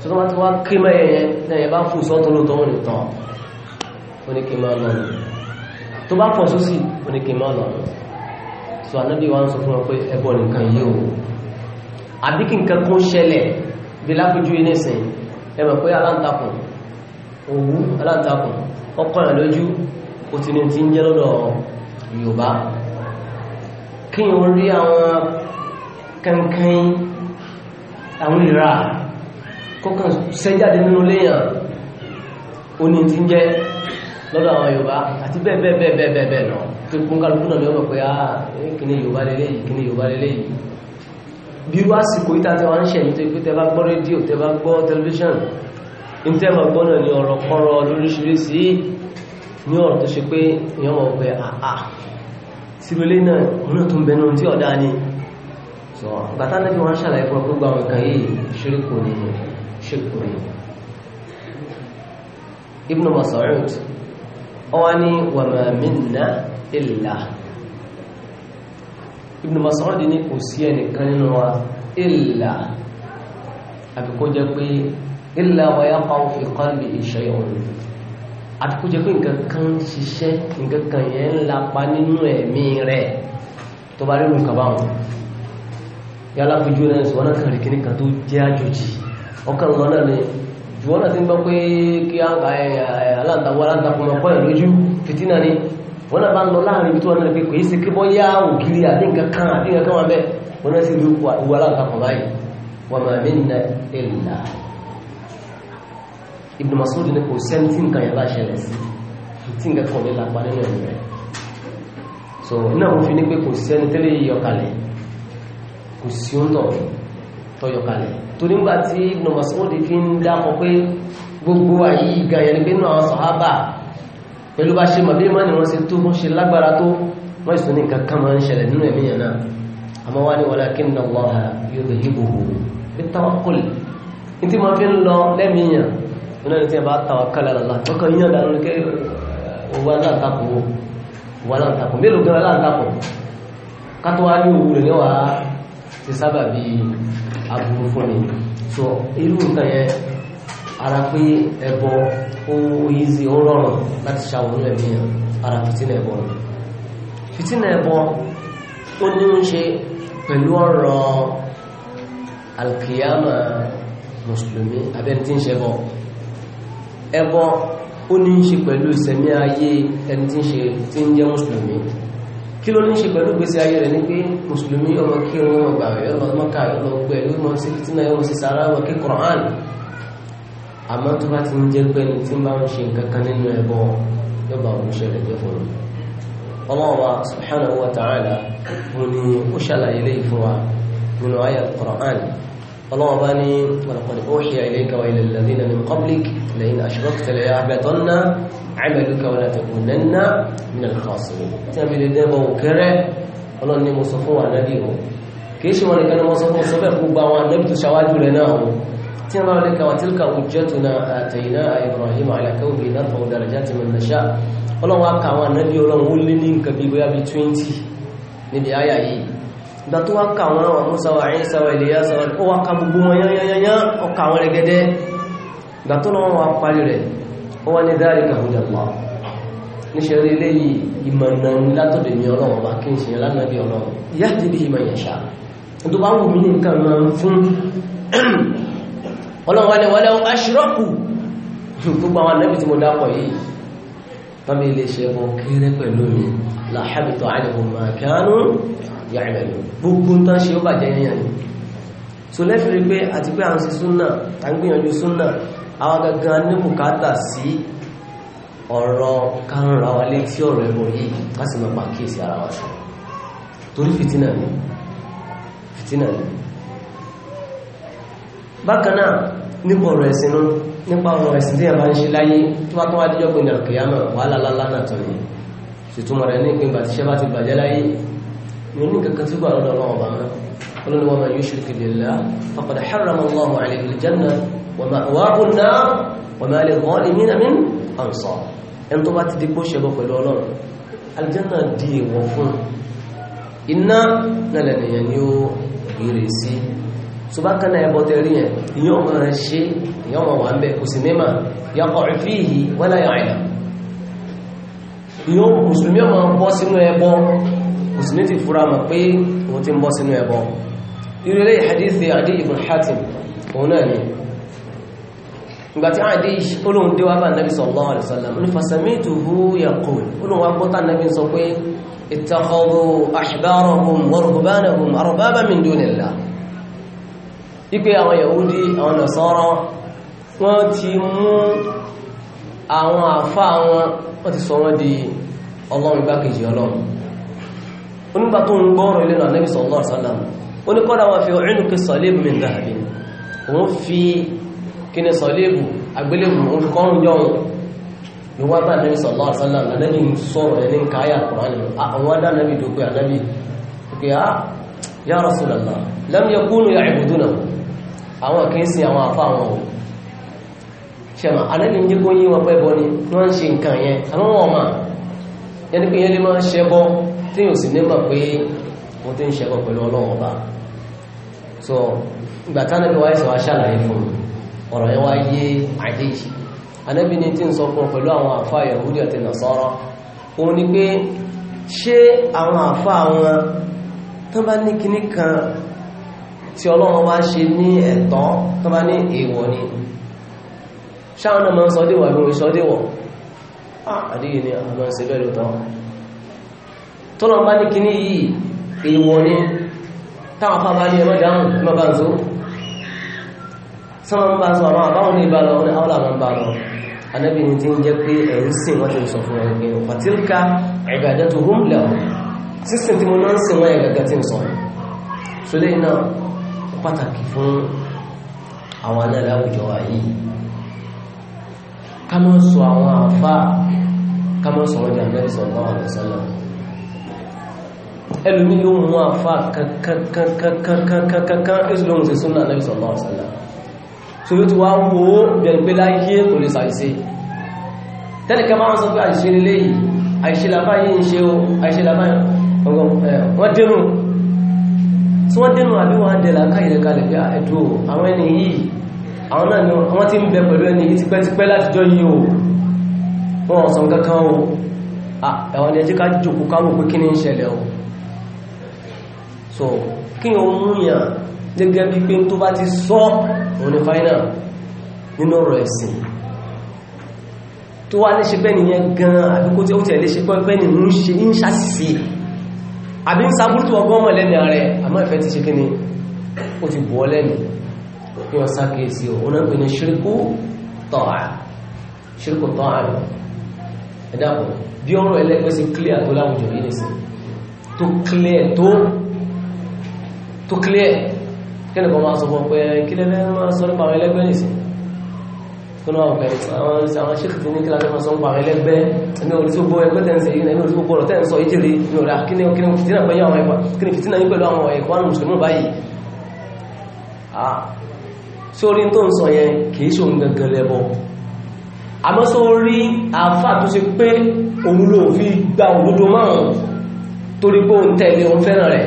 so tó bá ti wá kí mẹ́yẹn yẹn náà yẹn bá fún sọ́tún lóòótọ́ wọn nìtàn ó ní kí n máa lọ nù tó bá pọ̀ sósì ó máa lọ so anábì wa ń sọ fún wọn pé ẹbọ nìkan yìí o àbí kí nǹkan kún ṣẹlẹ̀ bí lápẹjú yìí nísìnyí ẹ mọ̀ pé aláǹtakùn òwú aláǹtakùn ọkọ̀ ẹ̀ ó ti ní ti ń jẹ́ lọ́dọ̀ yorùbá kí n rí àwọn kankan àwọn ìra kọ́kàn sẹ́jáde nínú léèyàn ó ní ti ń jẹ́ lọ́dọ̀ àwọn yorùbá àti bẹ́ẹ̀ bẹ́ẹ̀ bẹ́ẹ̀ bẹ́ẹ̀ bẹ́ẹ̀ bẹ́ẹ̀ lọ tó kún kálukú náà ni wọ́n mọ̀ pé ah eh, kíní yorùbá lélẹ́yìí kíní yorùbá lélẹ́yìí bí wá sìkò ìta tí wọ́n ń ṣe tó ikú tẹ́ gbọ́ rédíò tẹ́ gbọ́ tẹlifíṣàn ìtẹ́ bá ni ọ̀rọ̀ kọ́rọ̀ lóríṣiríṣi ní ọ̀rọ̀ tó ṣe pé èèyàn mọ̀ pé àà sírólé náà òun náà tó ń bẹnu tí ọ̀dá ni sọ bàtà náà bí wọ́n ṣàlàyé fún ọgbọ́n àwọn nǹkan yìí ṣíríkù ni ṣíríkù ni Ibn Mas'ud ọwá ní wa ma minna Ibn Mas'ud ní kò sí ẹnìkan nínú wa illa àbíkó jẹ pé illa wa yaqa'u fi qalbi àtúkú jẹ́ pé nǹkan kan ń ṣiṣẹ́ nǹkan kan yẹn ń lapa nínú ẹ̀mí rẹ̀ tó bá rírun kaba wọn yálà fojú rẹ̀ sọ wọn náà rí kíní kan tó jẹ́ àjòjì ọkàn wọn náà ni ju wọn náà ti ń gbọ́ pé kí aláǹtakùn aláǹtakùn ọkọ ẹ̀ lójú fìtínà ni wọn náà bá ń lọ láàrin ibi tó wọn náà pé kò í ṣe kí bọ́ yá ògiri àti nǹkan kan àti nǹkan kan wọn bẹ́ẹ̀ wọn náà sì rí owó aláǹtakùn báyìí wọn máa mí Ibn Mas'ud ní kò sẹ́ni tí nǹkan yẹn bá ṣẹlẹ̀ sí tí nǹkan kan ní lápá nínú ẹ̀mí rẹ̀ so iná mo fi ní pé kò sẹ́ni tẹ́lẹ̀ yọkalẹ̀ kò sí ń tọ̀ tọ́ yọkalẹ̀ tó nígbà tí Ibn Mas'ud fi ń dákọ pé gbogbo àyí ìgbà yẹn ni pé nínú àwọn sọ̀hábà pẹ̀lú bá ṣe mọ̀ bí mọ́ni wọ́n ṣe tó wọ́n ṣe lágbára tó wọ́n ìsún ní nǹkan kan máa ń ṣẹlẹ̀ nínú ẹ̀mí yẹn náà àmọ́ wá ní walakinna Allaha yudhibuhu bitawakkul ní tí wọ́n fi ń lọ lẹ́mìí yẹn iná ní tí ẹ bá tawakkal ala Allah ọkọ̀ yíyàn dànù ní kẹ́ owó aláǹtakùn wo owó aláǹtakùn mélòó so irú nǹkan yẹn ara pé ẹbọ ó yízi ó rọrùn láti ṣàwọn ẹ̀mí ara fìtínà ẹbọ fìtínà ẹbọ ó ní ń ṣe pẹ̀lú ọ̀rọ̀ alkiyama mùsùlùmí abẹ́ni tí ń ṣẹbọ ẹbọ ó ní ṣe pẹ̀lú ìsẹ̀mí ayé ẹni tí ń ṣe tí ń jẹ́ mùsùlùmí kí ló ní ṣe pẹ̀lú gbèsè ayé rẹ̀ ní pé mùsùlùmí ọmọ kírun ọmọ gbàwẹ̀ ọmọ mọ́kà ọmọ gbẹ ọmọ sí fìtínà ọmọ sí sàárà ọmọ kí Qur'an àmọ́ tó bá ti ń jẹ́ pé ní tí ń bá ń ṣe nǹkan kan nínú ẹbọ yóò bá òun jẹ́ fún un ọlọ́ọ̀wá subhanahu wa ta'ala ọlọ́wọ́ bá ní walaqad uhiya ilayka wa ila alladhina min qablik la'in ashrakta layahbatanna 'amaluka wa latakunanna min al-khasirin tí a fi lè dẹ́bọ̀ òkèrè ọlọ́run ní mo sọ fún wa nábì o kìí ṣe wọn nìkan ni wọ́n sọ fún sọ bẹ́ẹ̀ gbogbo àwọn anábì tó ṣáwájú rẹ̀ náà o tí a ní nǹkan níbi áyà yìí ìgbà tó wá ká wọn àwọn Musa wa Isa wa Ilyasa ó wá ká gbogbo wọn yányányányá ó ká wọn rẹ̀gẹ́dẹ́ ìgbà tó náà wá parí rẹ̀ ó wá ní dhalika hudallah níṣẹ́ rí léyìí ìmọ̀nà látọ̀dẹ̀ mi ọlọ́run bá kí n ṣe lánàbí ọlọ́run yahdi bihi man yasha tó bá wù mí ní nǹkan máa ń fún ọlọ́run wá ní wọlé ashraku gbogbo àwọn anábì tí mo dápọ̀ yìí tọ́mi ilé ṣe ọkẹ́rẹ́ pẹ̀lú mi la habita anhum ma kanu yàmẹ̀lú gbogbo tán ṣe ó bàjẹ́ yẹn ni so lẹ́fìrí pé àti pé àwọn sí súnà à ń gbìyànjú súnà àwọn gangan ní bùkátà sí ọ̀rọ̀ kárùnra wa létí ọ̀rọ̀ ẹ̀rọ yìí ká sì mọ́pa kíyèsí ara wa sí torí fìtínà ni fìtínà ni bákan náà nípa ọ̀rọ̀ ẹ̀sìn náà nípa ọ̀rọ̀ ẹ̀sìn tí ẹ̀bá ń ṣe láyé tó bá tó wá díjọ́ pé ní àkèyàmọ̀ wàhálà lálá náà tọ̀ ni ṣètùmọ̀ rẹ̀ ní ìpínbà tíṣẹ́ bá ti bàjẹ́ láyé من كنت تقول الله رمضان قلنا وما يشرك بالله فقد حرم الله عليه الجنة ومأواه النار وما للظالمين من أنصار أنتم ما تدقوا شبك الولون الجنة دي وفون iná nílẹ̀ nìyàn ni ó gèrè sí tó bá kánà ẹbọ tẹ́rí yẹn ìyàn ọmọ rẹ̀ ṣe ìyàn ọmọ wà ń bẹ kò sí mímọ̀ yàkọ̀ ìfíhì wọ́n láyọ̀ àyà ìyàn mùsùlùmí ọmọ bọ́ sínú ẹbọ òsì ní ti fura mọ̀ pé òun ti ń bọ́ sínú ẹbọ irú ilé hadithi Adi ibn Hatim òun náà ni ìgbàtí Adi olóhun dé wá bá nàbí sallallahu alaihi wasallam ní fasamituhu yaqul olóhun wá gbọ́ta nàbí sọ pé ittakhadhu ahbarahum wa ruhbanahum arbaban min dunillah ipe àwọn Yahudi àwọn wọ́n ti sọ wọ́n di ọlọ́run igbákejì ọlọ́run onígbà tó ń gbọ́rọ̀ ilé náà Nabi sallallahu alaihi wasallam ó ní kọ́dà wọn fi unuqi salib min dhahab òun fi kíni sọ̀lébù àgbélébù òun fi kọ́rùn jọ òun ni wọ́n bá Nabi sallallahu alaihi wasallam ànábì ń sọ̀rọ̀ ẹni ń káyà Kùránì àwọn adá ànábì dókè ànábì òkè á ya Rasulullah lam yakunu ya'buduna àwọn kìí sin àwọn afá àwọn òun ṣẹ̀mà ànábì ń jẹ́ kó yí wọn pẹ́ bọ́ ni wọ́n ń ṣe nǹkan yẹn àwọn ọmọ yẹn ni pé yẹn lè máa ṣẹbọ́ tí yóò sì nímọ̀ pé mo ti ń ṣẹ́gun pẹ̀lú ọlọ́run ọba so ìgbà táwọn ẹbí wa ẹ̀sìn wa ṣàlàyé fún mi ọ̀rọ̀ yẹn wá yé àdé yìí anábì ni tí ń sọ fún pẹ̀lú àwọn àfa Yahudi àti Nasara òun ni pé ṣé àwọn àfa àwọn tó bá ní kinní kan tí ọlọ́run wá ṣe ní ẹ̀tọ́ tó bá ní èèwọ̀ ni ṣáwọn náà máa ń sọdéwọ̀ àbí wọn sọdéwọ̀ ah, àdéyìí ni àwọn máa ń ṣe bẹ́ẹ̀ tọ́nà bá ní kíní yìí èèwọ̀ ni táwọn afá bá ní ẹmọ́ dáhùn ẹmọ́ bá ń zo sọ́nà bá ń sọ àwọn àbáwọn ní ìbá lọ ní àwọn làwọn bá lọ anábì ní ti ń jẹ́ pé ẹ̀rù sìn wọ́n ti sọ fún ẹ̀rù pé fatilka ibadatuhum lahum sísìn tí mo náà so lẹ́yìn náà pàtàkì fún àwọn anáàlá àwùjọ wa yìí ká mọ́ sọ àwọn àfá ká mọ́ sọ ẹlùmí yóò mú àfá kankankankankankankan ìsìlóhun sí súnà náà ìsọ̀lọ́ ọ̀sánà so yóò ti wá wó bẹ̀rẹ̀ pé láyé kò lè sàìsí tẹ́lẹ̀kẹ́ máa ń sọ pé àìṣe lélẹ́ yìí àìṣe làbáyé ń ṣe o àìṣe làbáyé wọ́n dẹnu tí wọ́n dẹnu àbí wọ́n dẹ̀ làákàyè rẹ̀ kalẹ̀ pé ẹ̀dùn àwọn ẹni yìí àwọn náà ni wọ́n ti ń bẹ pẹ̀lú ẹni yìí tipẹ́tipẹ́ látijọ́ yìí o wọ́n ọ̀sán kankan o àwọn ẹni ẹjẹ́ ká jòkó káwò pé kí ni ń ṣẹlẹ̀ o so kí o mú yàn gẹ́gẹ́ bí pé tó bá ti sọ òun ni final nínú ọ̀rọ̀ ẹ̀sìn tó wá léṣe bẹ́ẹ̀ nìyẹn gan-an àbí kó tí ó tẹ̀ léṣe pẹ́ ní ń ṣe ń ṣàṣìṣe àbí ń sàbúrútù ọgbọ́n mọ̀ lẹ́nu ààrẹ àmọ́ ìfẹ́ ti ṣe kí ni ó ti bọ́ lẹ́nu kí wọ́n sákèsí ò náà pè ní ṣíríkù tọ́à ṣíríkù ẹ̀dàpọ̀ bí ọ̀rọ̀ ẹlẹ́gbẹ́ sí clear tó láwùjọ yìí nìsín tó clear tó tó clear kí ni kò máa sọ fún pé kí lẹ́lẹ́ máa sọ nípa àwọn ẹlẹ́gbẹ́ nìsín tó náà pẹ̀ àwọn ṣéèkì tó ní kí láti máa sọ nípa àwọn ẹlẹ́gbẹ́ ẹni orí tó gbọ́ ẹgbẹ́ tẹ̀ ń ṣe yìí ẹni orí tó gbọ́ ọ̀rọ̀ tẹ̀ ń sọ ìjèrè ní ọ̀rẹ́ kí ni fìtínà pẹ̀lú àwọn ẹ̀kọ́ kí ni fìtínà yín pẹ̀lú àwọn ẹ̀kọ́ àwọn mùsùlùmí báyìí sórí tó ń sọ yẹn kìí ṣe òun gangan lẹ́bọ̀ àmọ́ sórí àfà tó ṣe pé òun ló fi gba òdodo márùn-ún torí pé òun tẹ̀lé òun fẹ́ràn rẹ̀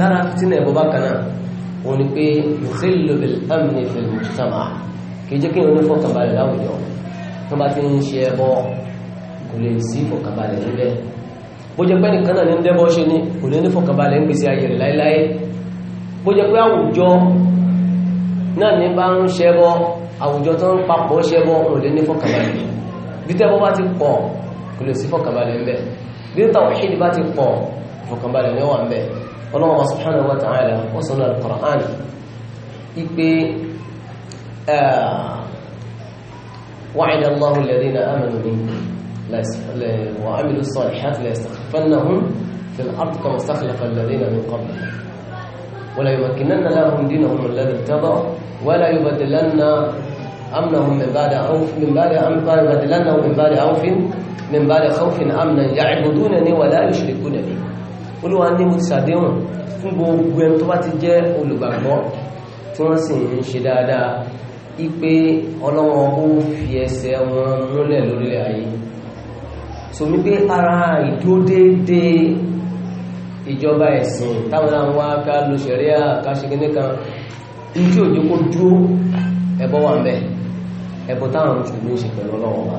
lára fìtínà ẹ̀bọ̀ bákan náà wọn ni pé yukhillu bil amni fil mujtama kì í jẹ́ kí wọn ní fọkànbalẹ̀ láwùjọ tó bá ti ń ṣe ẹbọ kò lè sí fọkànbalẹ̀ níbẹ̀ bó jẹ́ pé nìkan náà ní ń dẹ́bọ́ ṣe ni kò ní ní fọkànbalẹ̀ ń gbèsè ayé rẹ̀ láéláé bó bá ń ṣẹbọ àwùjọ tó ń papọ̀ ṣẹbọ ò lè ní fọkànbalẹ̀ bí tẹ́bọ́ bá ti pọ̀ kò lè sí fọkànbalẹ̀ ń bẹ̀ bí tàwọn ìṣèdí bá ti pọ̀ fọkànbalẹ̀ ní wà ń bẹ̀ ọlọ́wọ́ subhanahu wa ta'ala wọ́n sọ náà Al-Qur'an ipe wa'ada Allahu alladhina amanu minkum wa 'amilu s-salihati la yastakhfannahum fil ardi kama stakhlafa alladhina min qablihim ولا يمكنن لهم دينهم الذي ارتضى ولا يبدلن امنهم من بعد خوف من بعد امن يبدلنهم من بعد خوف من بعد خوف امنا يعبدونني ولا يشركون بي olúwa ní mo ti ṣàdéhùn fún gbogbo ẹni tó bá ti jẹ́ olùgbàgbọ́ tí wọ́n sì ń ṣe dáadáa ipe ọlọ́wọ́n ó fi ẹsẹ̀ wọn múlẹ̀ lórílẹ̀ ayé sòmí pé ara ìdúródédé ìjọba ẹ̀sìn táwọn náà ń wá ká lo ṣẹ̀ríà ká ṣe kíní kan ní tí òjò kó dúró ẹbọ wà ń bẹ ẹbọ táwọn mùsùlùmí ń ṣe pẹ̀lú ọlọ́wọ́n wa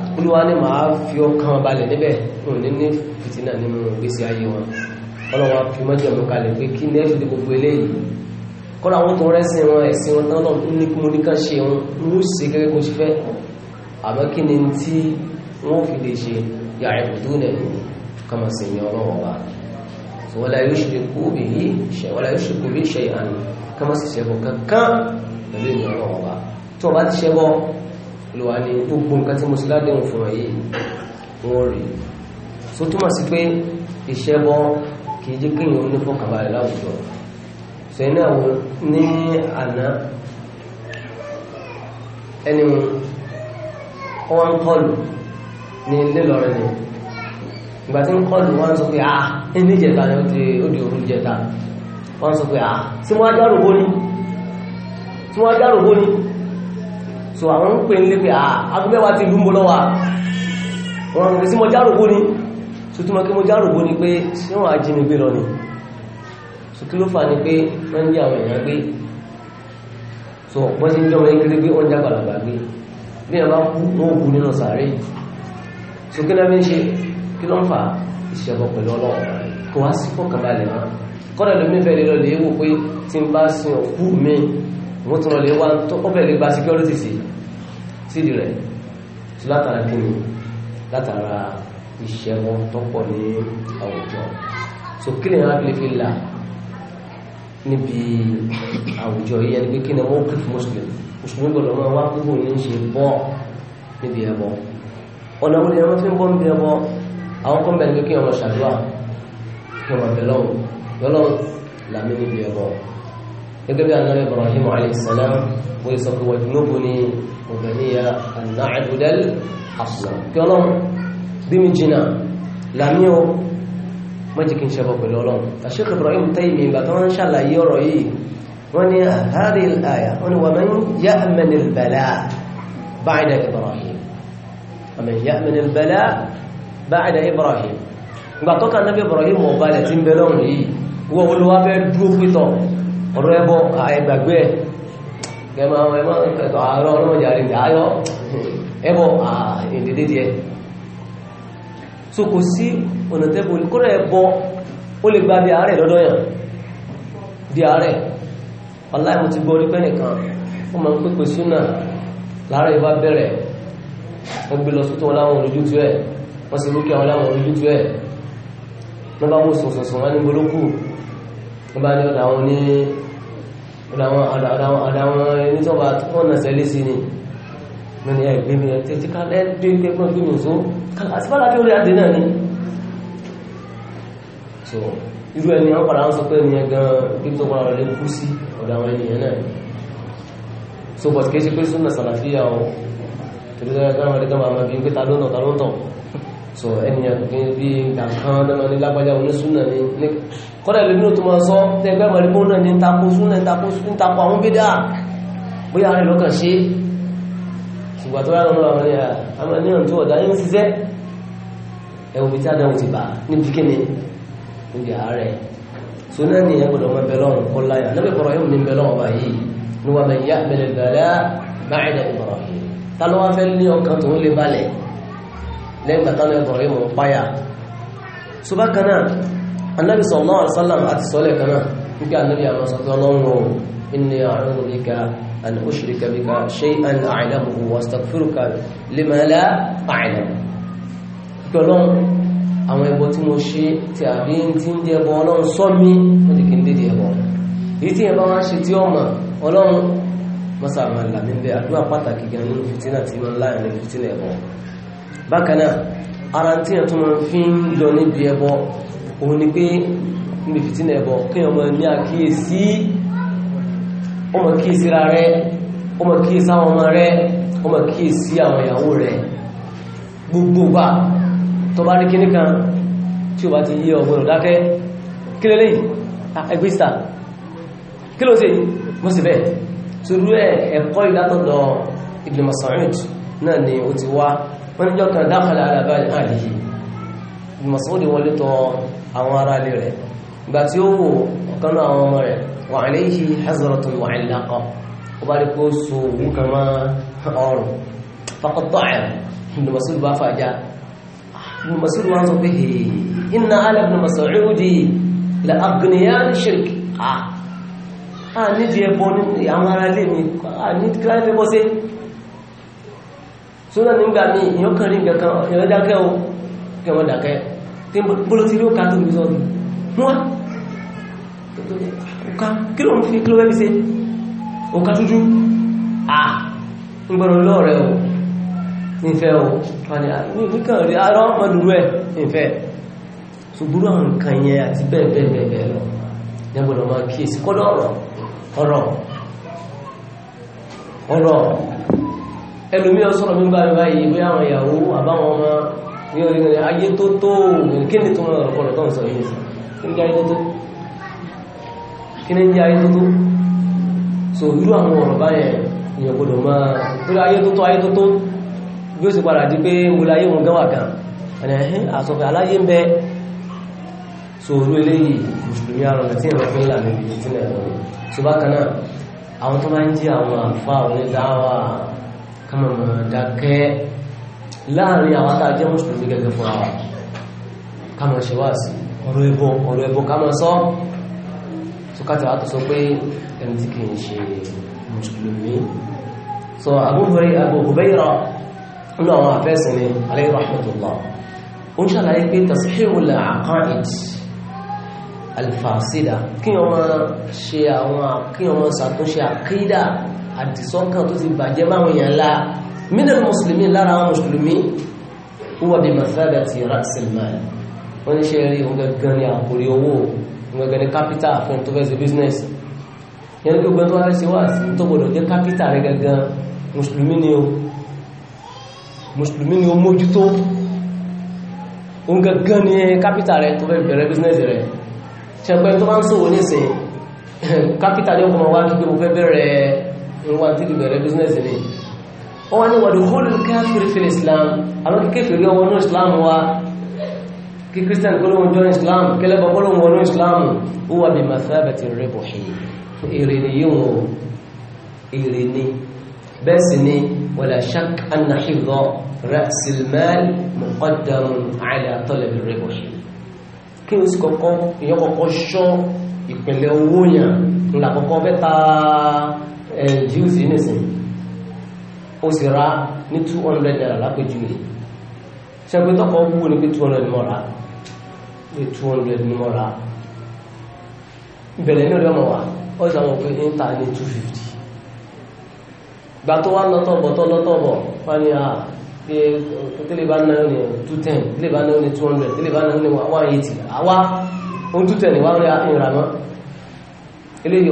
olúwa ni màá fi ọkàn balẹ̀ níbẹ̀ kò ní ní fìtínà nínú gbèsè ayé wọn ọlọ́wọ́ fi mọ́jọ̀mú kalẹ̀ pé kí ní ẹ̀fìdí gbogbo eléyìí kọ́lá àwọn tó rẹ́sìn wọn ẹ̀sìn wọn tán náà ní kí mo ní ká ṣe wọn ń ṣe gẹ́gẹ́ bó ṣe fẹ́ àmọ́ kí ni tí wọ́n fi lè ṣe yàrá ìbùdó nẹ̀ ní kọ́mọ sí ní ọlọ́wọ́ wa wọ́n la yóò ṣe kó bí yí ṣe wọ́n la yóò ṣe bí ṣe ìhànú kọ́mọ sì ṣẹ́bọ̀ kankan pẹ̀lú ìní ọlọ́wọ́ wa tó o bá ti ṣẹ́bọ̀ lòwà ní gbogbo nǹkan tí mùsùlá dẹ̀hùn fún ọ̀yẹ́ wọ́n rí so túmọ̀ sí pé iṣẹ́ bọ́ kì í jẹ́ kí èèyàn onífọ̀kànbalẹ̀ láwùjọ so iná àwọn ní àná ẹni wọn ń kọlù ní ilé lọrin ni ìgbà tí ń kọlù wọn sọ pé ah ẹni ìjẹta ni ó di òru ìjẹta wọn sọ pé ah tí wọn á dárò bó ni tí wọn á dárò bó ni so àwọn ń pè ní pé àgọ́mẹ́wàá ti lúmbọ́ lọ́wà wọn rẹ̀ sí mọ́járògbó ni so túnmọ́ kí mọ́járògbó ni pé sí wọn ajínigbé lọ ni so kí ló fà ní pé wọ́n ń àwọn èèyàn gbé so wọ́n ti ń jọmọ ẹgbẹ́ gbé wọ́n jágbàlagbà gbé bí ẹ̀ so kí náà fi ń ṣe kí ló ń fa ìṣẹ̀bọ̀ pẹ̀lú ọlọ́run kò wá sí fọ́kànbalẹ̀ wọn kọ́dà lómi fẹ́ lè lọ lè wò pé tí ń bá sin òkú mi wọ́n tún lọ́lẹ̀ wá tó kọ́fẹ́ lè gba security sí sídìí rẹ̀ tó látara kí ni látara iṣẹ́ wọn tó pọ̀ ní àwùjọ so kí ni wọ́n á fi là níbi àwùjọ yìí ẹni pé kí ni wọ́n kì fún muslim mùsùlùmí gbọ́dọ̀ máa wá gbogbo ní ṣe bọ́ níbi ẹbọ ọ̀nà wọn ni wọ́n fi ń bọ́ níbi ẹbọ àwọn kan bẹ̀rẹ̀ pé kí wọ́n ṣàdúrà kí wọ́n bẹ̀ lọ́wọ́ lọ́wọ́ làmì níbi ẹbọ gẹ́gẹ́ bí anáwó Ibrahim alaihissalam wọ́n sọ pé wàjúnúbù ni ọ̀gbẹ̀niya anáàdúdẹ́l aslam kí ọlọ́run bí mi jìnà lámí o mọ́jíkín ṣẹbọ̀ pẹ̀lú ọlọ́run àṣíkò Ibrahim Taymi ìgbà tó wọ́n ṣàlàyé ọ̀rọ̀ yìí wọ́n ni àhárí àyà wọ́n ni wà mẹ́rin yá àmẹ́ni bẹ̀lá báyìí Ibrahim àmẹ́ni yá àmẹ́ni bẹ̀lá báyìí Ibrahim Ibrahim ọ̀rọ̀ ẹbọ ẹgbàgbé ẹ̀ kẹmọ àwọn ẹmọ ẹ̀tọ́ àárọ̀ ọlọ́mọdé àrètè ayọ́ ẹbọ ìdílé díẹ̀ so kò sí ọ̀nà tẹ́bù kọ́nà ẹbọ ó lè gba bí àárẹ̀ lọ́dọ̀ yàn bí àárẹ̀ ọláì mo ti gbọ́ orí pẹ́nìkan ó máa ń pépè súnà láàárọ̀ ìbá bẹ̀rẹ̀ wọ́n gbé lọ sótó wọn láwọn olójútu ẹ̀ wọ́n sì lókè àwọn láwọn olójútu ẹ̀ lọ́ba mú sọ̀sọ̀sọ̀ wọn ní gbólókù wọ́n bá ní ọ̀dà àwọn ní ọ̀dà àwọn ọ̀dà àwọn onítọ̀wà tó wọ́n nà sẹ́lé sí ni wọ́n ní ẹgbẹ́ mi ẹ̀ tí ká lẹ́ dé pẹ́pẹ́ gbé mi só àti bá lábẹ́ orí adé náà ni. so irú ẹni wọn padà ń sọ pé ẹni yẹn gan bí tó padà lè kú sí ọ̀dà àwọn ènìyàn náà ni. so bọ̀t kì í ṣe pé súnà sàlàfíà o tòlóṣẹ́ so ẹnìyàn kì í bí gàkan náà ní lágbájá onísúnà ní kọ́dà lóbi náà tó máa sọ tẹgbẹ́ mọ̀lẹ́bí náà ní takò súnà ní takò súnà takò àwọn bídà bóyá rẹ̀ lọ́kàn ṣe ṣùgbọ́n tó rárá wọn ni àwọn ènìyàn tó ọ̀dà yín ṣiṣẹ́ ẹ̀wù bí tí adáhùn ti bà níbi kíni níbi ààrẹ so náà ni ẹgbẹ̀rún ọmọ ẹbẹ̀ lọ́rùn kọ́ láyà lẹ́bẹ̀ kọ́rọ̀ yóò ní ẹbẹ̀ lọ́rùn ọba yìí ni wọ́n bẹ̀ yá mẹ́lẹ̀ bẹ̀rẹ̀ báyìí lẹ́yìn tàtà náà bọ̀rọ̀ ìmọ̀ páyà so bákan náà anábì sallallahu alaihi wasallam àti sọ́lẹ̀ kan náà nígbà anábì àwọn sọ pé ọlọ́run o inni a'udhu bika an ushrika bika shay'an a'lamuhu wa astaghfiruka lima la a'lam kí ọlọ́run àwọn ẹbọ tí mo ṣe tí àbí tí ń jẹ ẹbọ ọlọ́run sọ mí ó ti kí ń dédé ẹbọ èyí tí ọlọ́run mọ́sàmá làmí bẹ́ẹ̀ àdúrà pàtàkì gan nínú fìtínà tí wọ́n láàrin fìtínà ẹbọ bákanáà ara tí ẹ̀ tó máa fi ń lọ níbi ẹbọ òun ni pé níbi fìtínà ẹbọ kí ọmọ ní àkíyèsí ọmọ kíyèsí ra rẹ ọmọ kíyèsí rẹ ọmọ kíyèsí rẹ gbogbo gbà tó bá kíní kan tí ó bá ti yé ọgbọ̀n dákẹ́ kí ah, ẹgbẹ́sà kí ló ṣe bẹ́ẹ̀ torú ẹ̀ wọ́n níjọ́ kan dákàlà àlàbà àdìyí ìmọ̀sọ́dì wọlé tọ àwọn ará ilé rẹ̀ ìgbà tí ó wò ọ̀kan náà àwọn ọmọ rẹ̀ wà alayhi hazratun wà ní lákọ̀ ó bá rí pé ó so òun kan mọ́ ọrùn fakọ̀tọ̀ ẹ̀ ìmọ̀sọ́dì bá sódà nígbà míì èèyàn kan rí nǹkan kan èèyàn dákẹ́ o kẹ́ wọ́n dákẹ́ tí bóló ti rí ó ká tó mi sọ́dún mú wá òka kí ló ń fi kí ló fẹ́ fi ṣe òka dúdú à ń gbọ́dọ̀ lọ́ọ̀rẹ́ o nífẹ́ o wani nìkan rí ara ọmọ dúró ẹ̀ nífẹ́ ṣùgbúrú àwọn nǹkan yẹn àti bẹ́ẹ̀ bẹ́ẹ̀ bẹ́ẹ̀ bẹ́ẹ̀ lọ ní gbọ́dọ̀ máa kíyèsí kọ́dọ̀ ọ̀rọ̀ ọ̀rọ̀ ọ̀rọ̀ ẹlòmí ọ̀sọ̀rọ̀ mi ń bá mi báyìí bóyá àwọn ìyàwó àbáwọn ọmọ ní orí ní ayé tó tó kí ni tó mọ̀ ọ̀pọ̀lọ̀ tó ń sọ yìí kí ni jẹ́ ayé tó tó kí ni jẹ́ ayé tó tó so irú àwọn ọ̀rọ̀ báyẹn èèyàn gbọdọ̀ máa torí ayé tó tó ayé tó tó bí ó sì padà di pé mo láyé wọn gán wà gan ẹ̀nà ẹ̀hìn àsọ̀fẹ́ aláyé ń bẹ so orú eléyìí mùsùlùmí àrùn tí ìrọ̀ fi ń là ìtìlẹ̀ lọ so bákan náà àwọn tó máa ń jẹ́ àwọn àfáà onídáwà kama mọ̀ dákẹ́ láàrin àwọn tá a jẹ́ mùsùlùmí gẹ́gẹ́ fúnra wa kama ṣe wá sí ọ̀rọ̀ ẹbọ ọ̀rọ̀ ẹbọ kama sọ tó káta wà tó sọ pé ẹni tí kìí ṣe mùsùlùmí sọ agbóhùnrin agbóhùnbẹ́yìrọ nínú àwọn àfẹ́sìn ni alayhi rahmatullah ó ń ṣàlàyé pé tasihihul aqaid kí wọ́n máa ṣe àwọn kí wọ́n máa ṣàtúnṣe àkídà àdìsọ́kàn tó ti bàjẹ́ máwọn èèyàn la mínà mùsùlùmí lára àwọn mùsùlùmí wúwà bí mafẹ́dà ti raxilman wọ́n ní ṣe rí òun gangan ní àkórí owó òun gangan ní kápítà fún tó fẹ́ ṣe business yẹn ní gbogbo tó wá ṣe wá sí tó gbọdọ̀ jẹ́ kápítà rẹ gangan mùsùlùmí ni o mùsùlùmí ni o mójútó òun gangan ní kápítà kápítà ní ọkọ̀ wá kí pé fẹ́ bẹ̀rẹ̀ ìwà tí ti bẹ̀rẹ̀ bísínẹ̀sì ni wọ́n wá ní wọ́n di whole káfíìrì fi islam àwọn kékeré rí ọwọ́ ní islam wa kí christian kó lóun jọ islam kẹlẹ́bọ̀ kó lóun wọnú islam ó wà bí mathabati ribuhi èrè ni yíò wọ́n èrè ni bẹ́ẹ̀ sì ni wala shak anna hifdha ra's Eh, jews n'ese o sì ra ní two hundred naira lápèjúwe ṣẹ́gun tọkọ wúwo ni pé two hundred ni ra pé two hundred ni ra ìbẹ̀rẹ̀ ní wa ó sì àwọn òkè ní ní two fifty gbà tó wá lọ́tọ̀bọ̀ tó lọ́tọ̀bọ̀ wá ní pé bá náà n'i two ten bá náà two hundred bá náà one eighty àwa ah, ohun two ten wá rí ìrànà eléyìí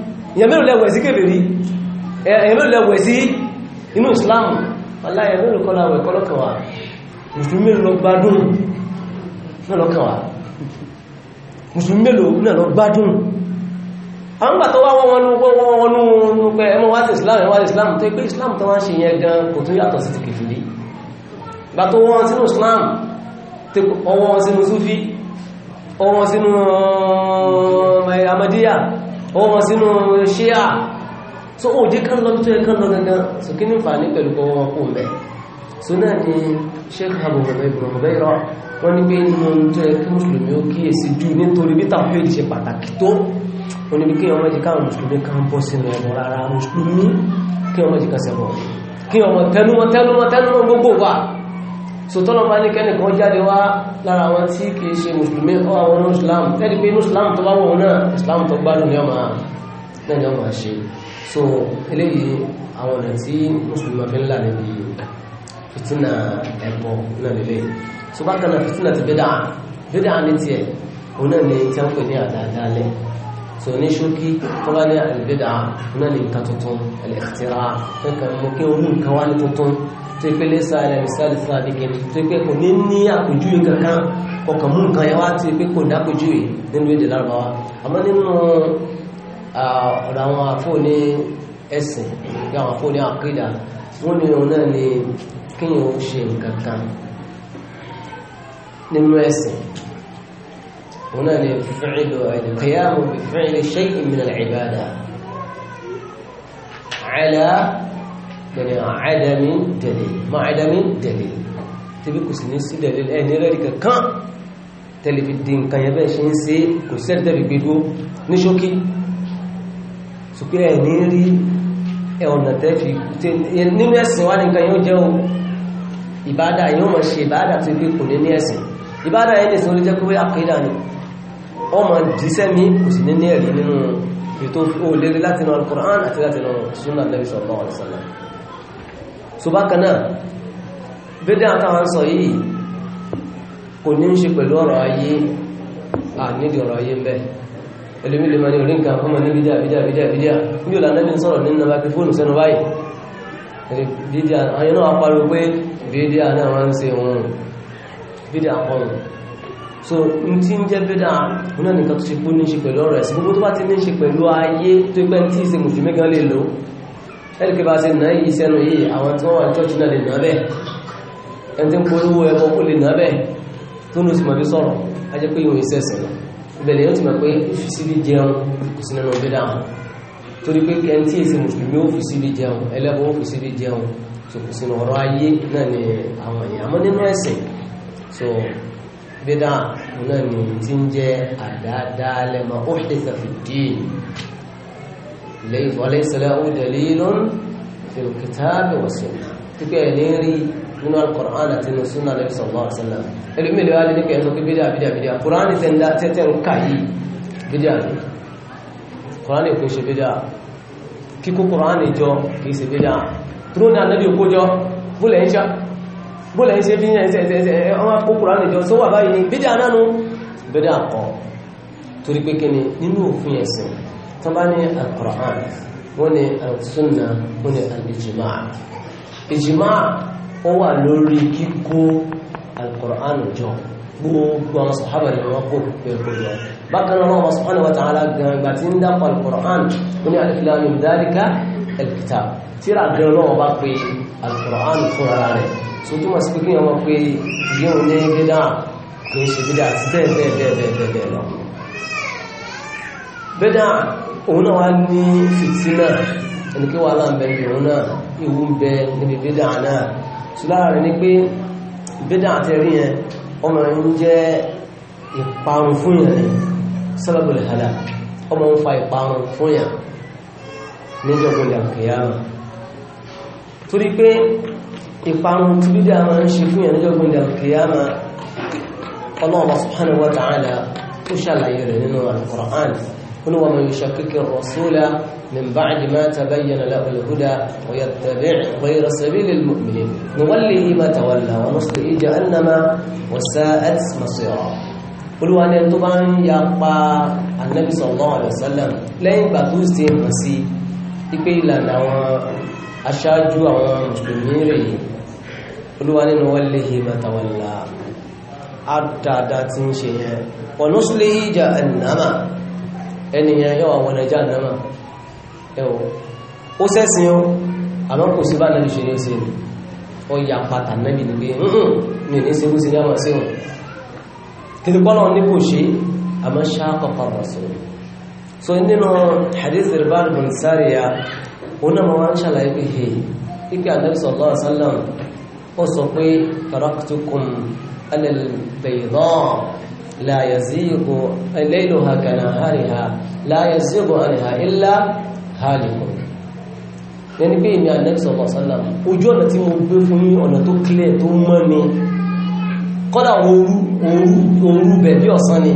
èyàn mẹ́rin lẹ́wẹ̀ sí kèfèrí èyàn mẹ́rin lẹ́wẹ̀ sí inú Islam aláyẹ̀ mẹ́rin kọ́lá wẹ̀ kọ́lọ́kọ̀wà mùsùlùmí lọ gbádùn náà lọ́kọ̀wà mùsùlùmí lọ náà lọ gbádùn àwọn gbà tó wá wọn wọn wọn wọn nú pé ẹmọ wá sí Islam ẹwà Islam tó pé Islam tó wá ń ṣe yẹn gan kò tún yàtọ̀ sí ti Islam ọwọ́ sínú Sufi ọwọ́ sínú Ahmadiyya ó wọn sínú ṣíà so ó jẹ́ kán lọ́bí tó yẹ kán lọ gangan so kí ní fà ní pẹ̀lú kọ́ wọn kò mẹ́ so náà ni sheikh abu bẹ̀rẹ̀ ìbùrọ̀ bẹ̀rẹ̀ rọ wọ́n ní pé inú tó yẹ kí mùsùlùmí ó kíyèsí jù nítorí bí tàwọn yóò ṣe pàtàkì tó ó ní kí ọmọ jìká mùsùlùmí kan bọ́ sínú ẹ̀mọ rárá mùsùlùmí kí ọmọ jìká sẹ́wọ̀ kí ọmọ tẹnumọ́ tẹnumọ́ tẹnumọ́ gbogbo wa sọtọ́nà bá ní kẹ́nìkan jáde wá lára àwọn tí kìí ṣe mùsùlùmí ọ àwọn islam tẹ́lì pé islam tó bá wọ̀n náà islam tó gbádùn ní ọmọ náà ni ṣe so eléyìí àwọn ọ̀nà tí mùsùlùmí fi ń là níbi fìtínà ẹ̀bọ náà lélẹ̀ so bákan náà fìtínà ti bídà bídà ní tiẹ̀ òun náà ni so ní ṣókí tó bá ní àlùbídà òun náà ni nǹkan tuntun ẹ̀lẹ́kìtìrà tuntun tó pé lẹ́sà àìsàdì sàdìkì tó pé kò ní ní àpèjúwe kankan kọkàn mú nǹkan yẹn wá tó pé kò dápèjúwe nínú èdè lárúbáwá àmọ́ nínú ọ̀rọ̀ àwọn àfọ́ ní ẹ̀sìn bí àwọn àfọ́ ní àkídà wọ́n ní òun náà ni kíyàn ó ṣe nǹkan kan nínú ẹ̀sìn òun ni fíìlù al-qiyamu bi fi'li shay'in min al-ibada ala yẹni àádẹ́mí dẹ̀lẹ̀ ma àádẹ́mí dẹ̀lẹ̀ tẹ́bí kò sí ní sí dẹ̀lẹ̀ ẹni rẹ̀ kankan tẹ́lẹ̀ fi di nǹkan yẹn eh, bẹ́ẹ̀ ṣe ń ṣe kò sí ẹ̀rí tẹ́bí gbégbó ní ṣókí sùpé ẹni rí ọ̀nà tẹ́fì nínú ẹ̀sìn wá nìkan yóò jẹ́ ìbádà yóò mọ̀ ṣe ìbádà tó gbé kò ní ní ẹ̀sìn ìbádà yẹn nìsín ló jẹ́ pé àkídà ni wọ́n mọ̀ díṣẹ́ mi kò sí ní ní ẹ̀rí nínú ètò olórí látinú Al-Qur'an àti látinú sunnah Nabi sallallahu alaihi wasallam Subakana, náà bídá àtàwọn sọ yìí kò ní ń ṣe pẹ̀lú ọ̀rọ̀ ni à nídi ọ̀rọ̀ ayé ń bẹ ẹlòmí lè máa ní orí nǹkan fún mi ní bídá bídá bídá bídá ní òlà náà ní sọ̀rọ̀ nínú bá ti fóònù sẹ́nu báyìí bídá ayé náà pariwo pé bídá náà wọ́n ń ṣe òun bídá kọrùn so n tí ń jẹ́ bídá náà nìkan tó ṣe pé ní ṣe pẹ̀lú ọ̀rọ̀ ẹ̀sìn gbogbo tó bá ti ní ṣe pẹ̀lú ayé tó pẹ́ tí ìṣe mùsùlùmí gan lè lò ẹ̀rìkì bá ṣe náà yìí sẹ́nu yìí àwọn tí wọ́n wà church náà lè náà bẹ́ẹ̀ ẹni tí ń polówó ẹbọ kó lè náà bẹ́ẹ̀ tó ní oṣù mọ̀bí sọ̀rọ̀ a jẹ́ pé yóò ṣe ẹ̀sìn lọ ìbẹ̀lẹ̀ yóò ti mọ̀ pé fi síbi jẹun kò sí nínú bídà wọn torí pé ẹni tí èsì mùsùlùmí ó fi jẹun ẹlẹ́bọ ó fi jẹun tó kò sínú ọ̀rọ̀ ayé náà ni àwọn èèyàn àmọ́ nínú ẹ̀sìn tó bídà náà ni ti ń jẹ́ àdáadáa lẹ́mọ̀ ó ṣe ìsàfìdí ليس وليس له دليل في الكتاب والسنة تبقى نيري من القرآن أتنو سنة النبي صلى الله عليه وسلم الأمي اللي قال لك أنتو بدأ بدأ بدأ قرآن تندا تتن كاي بدأ قرآن يكون شي بدأ kíkó kùránì jọ kìí ṣe bídá tó ní ànábì òkó jọ bóòlẹ̀ ń ṣá bóòlẹ̀ ń ṣe bí ẹ̀ẹ́sẹ̀ẹ̀ẹ́ ọmọ kó kùránì jọ tó wà báyìí ní bídá nánú bídá kọ طبعا القرآن هنا السنة هنا الإجماع إجماع هو لوري كيكو القرآن جو gbogbo àwọn sọ̀hábà ni wọ́n kó pẹ̀lú lọ bákan náà wọ́n subhanahu wa ta'ala gan ìgbà tí ń dápọ̀ al-Qur'an ó ní àdìfilà ní dhalika al-kitab tíra gan náà bá pé al-Qur'an fúnra rẹ̀ tó túmọ̀ sí pé kí wọ́n pé yóò ní gbédà kì í ṣe gbédà àti bẹ́ẹ̀ bẹ́ẹ̀ bẹ́ẹ̀ bẹ́ẹ̀ lọ. gbédà òun náà wá ní fìtínà ẹni kí wàhálà ń náà ìwú bẹ níbi bídà náà tó lára rẹ̀ pé bídà àtẹrí yẹn ọmọ ń jẹ́ ìparun fún yẹn ni sábàbọ̀lẹ̀ ọmọ ń fa ìparun fún yẹn níjọba ìyàkìyà torí pé ìparun tí bídà máa ń ṣe fún yẹn wa ó ṣàlàyé rẹ̀ قل ومن يشكك الرسول من بعد ما تبين له الهدى ويتبع غير سبيل المؤمنين نوله ما تولى ونصله جهنم وساءت مصيرا قل وان طبعا يقع النبي صلى الله عليه وسلم لين باتوستي مسي ipe لنا àwọn aṣáájú àwọn mùsùlùmí rèé ما تولى wọ́n léhe mẹ́tàwọ́lá àdáadáa ti ẹnìyàn yọ àwọn ẹja náà ẹwọ ó sẹ́sìn o àmọ́ kò sí bá nàbì ṣe ní ṣe ó ya pàtà nàbì nígbé mi ní ṣe wúṣe yá máa ṣe wọn kìtì kọ́nà ní kò ṣe àmọ́ ṣáàkọ̀kọ̀ rọ̀ sọ so nínú hadith Irbad bin Sariya òun náà máa ṣàlàyé pé he ipe Ànábì sallallahu alaihi ó sọ pé taraktukum alal bayda لا يزيغ ليلها كنهارها لا يزيغ عنها إلا هالك yẹni bí ìmì ànẹ́bìsọ̀ ọ̀sánlá ojú ọ̀nà tí mo gbé fún yín ọ̀nà tó kílẹ̀ tó mọ́ ni kọ́dà oòrùn bẹ̀ bí ọ̀sán ni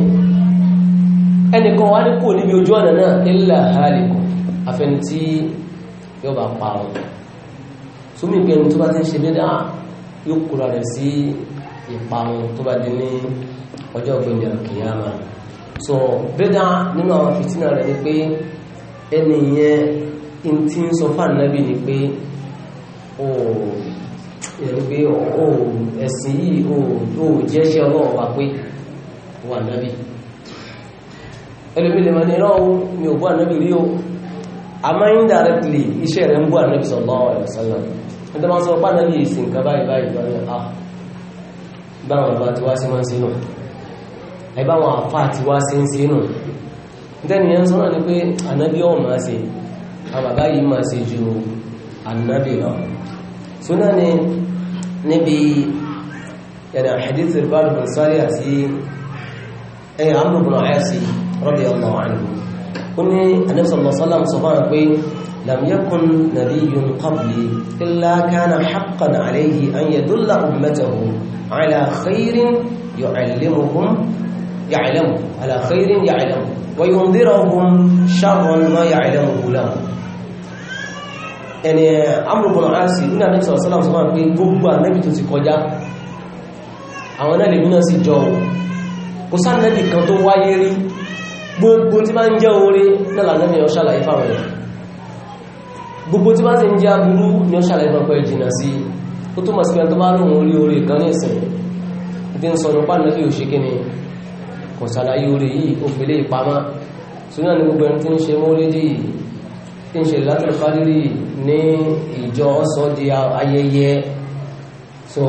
ẹnìkan wá ní kò níbi ojú ọ̀nà náà ilẹ̀ àhálìkù afẹ́ni tí yóò bá parun súnmí ìpẹ̀lú tó bá ti ń ṣe dédé ah, yóò kúrò rẹ̀ sí ìparun tó bá di ní ọjọ́ gbẹ̀ndẹ̀ kìyàmà so bẹ́dà nínú àwọn fìtínà rẹ̀ ni pé ẹni yẹn sọ ni pé o ẹ̀rù pé o ẹ̀sìn yìí o o jẹ́ ṣe wa pé wà nábì ẹlòmí lè máa ní mi ò bú ànábì rí o àmọ́ indirectly iṣẹ́ rẹ̀ ń bú ànábì sallallahu alaihi wasallam máa sọ báyìí báyìí báyìí ah, báwọn àìbáwọn àfá àti wá sí ń sínú ìtẹ́ni yẹn sọ́nà ni pé ànábí ọ̀ máa ṣe àbàbá yìí máa ṣe ju ànábí lọ súnà ni níbi yàrá àhẹ́dẹ́tì báàlù bin sáré àti ẹ̀yà àmúrùbùnà àyàsí radiyallahu anhu ó ní àdẹ́sọ̀lọ́ sọ́lá sọ fún pé lam yakun nabiyyun qabli illa kana haqqan يعلمه على خير يعلمه وينذرهم شر ما يعلمه لهم ẹni amúrùbùn àásì ní àníṣà ọ̀sánà ọ̀sánà pé gbogbo ànẹ́bì tó ti kọjá àwọn náà lè múná sí jọ kò sánẹ́bì kan tó wáyé rí gbogbo tí máa ń jẹ́ oore náà lànẹ́bì ọ ṣàlàyé fáwọn ẹ̀ gbogbo tí máa ń jẹ́ aburú ni ọ ṣàlàyé fáwọn ẹ̀ jìnà sí ó tó mọ̀ sí pé tó bá lóhun orí oore kan ní ìsìn kò sàlàyé orí yìí ó fi lé ìpamọ́ sínú ní gbogbo ẹni tí ń ṣe mọ́lídì yìí tí ń ṣe látọ̀ kádìrì ní ìjọ sọ di ayẹyẹ sọ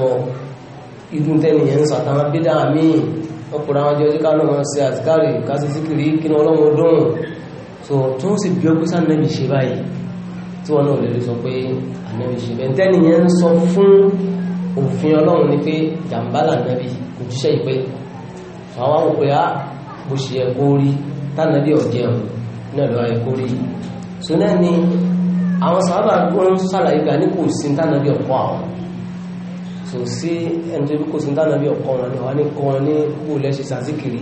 igun tẹ́nìyàn ń sàtàn bídà míì ọkùnrin àwọn ọjọ́ ìjọba náà ṣe àtikárì kásì síkìrì kí ni ọlọ́run dùn so tó ń sì bí ọkùnrin sáà nẹ́bì ṣe báyìí tí wọn náà lè lè sọ pé ànẹ́bì ṣe bẹ́ẹ̀ tẹ́nìyàn ń sọ fún òfin ọlọ́run ni pé jàǹbá là nẹ́bì kò àwọn wò pé á ah, bó ṣe yẹ kó rí tánàbí ọ̀jẹun náà lọ́wọ́ yẹ kó so náà ni àwọn sábà ń ṣàlàyé gbà ní kò sí tánàbí ọ̀pọ̀ àwọn so sí ẹni tó bí kò sí tánàbí ọ̀pọ̀ wọn ni wọn ní kọ́ wọn ní bó lẹ́ṣẹ̀ sàzíkiri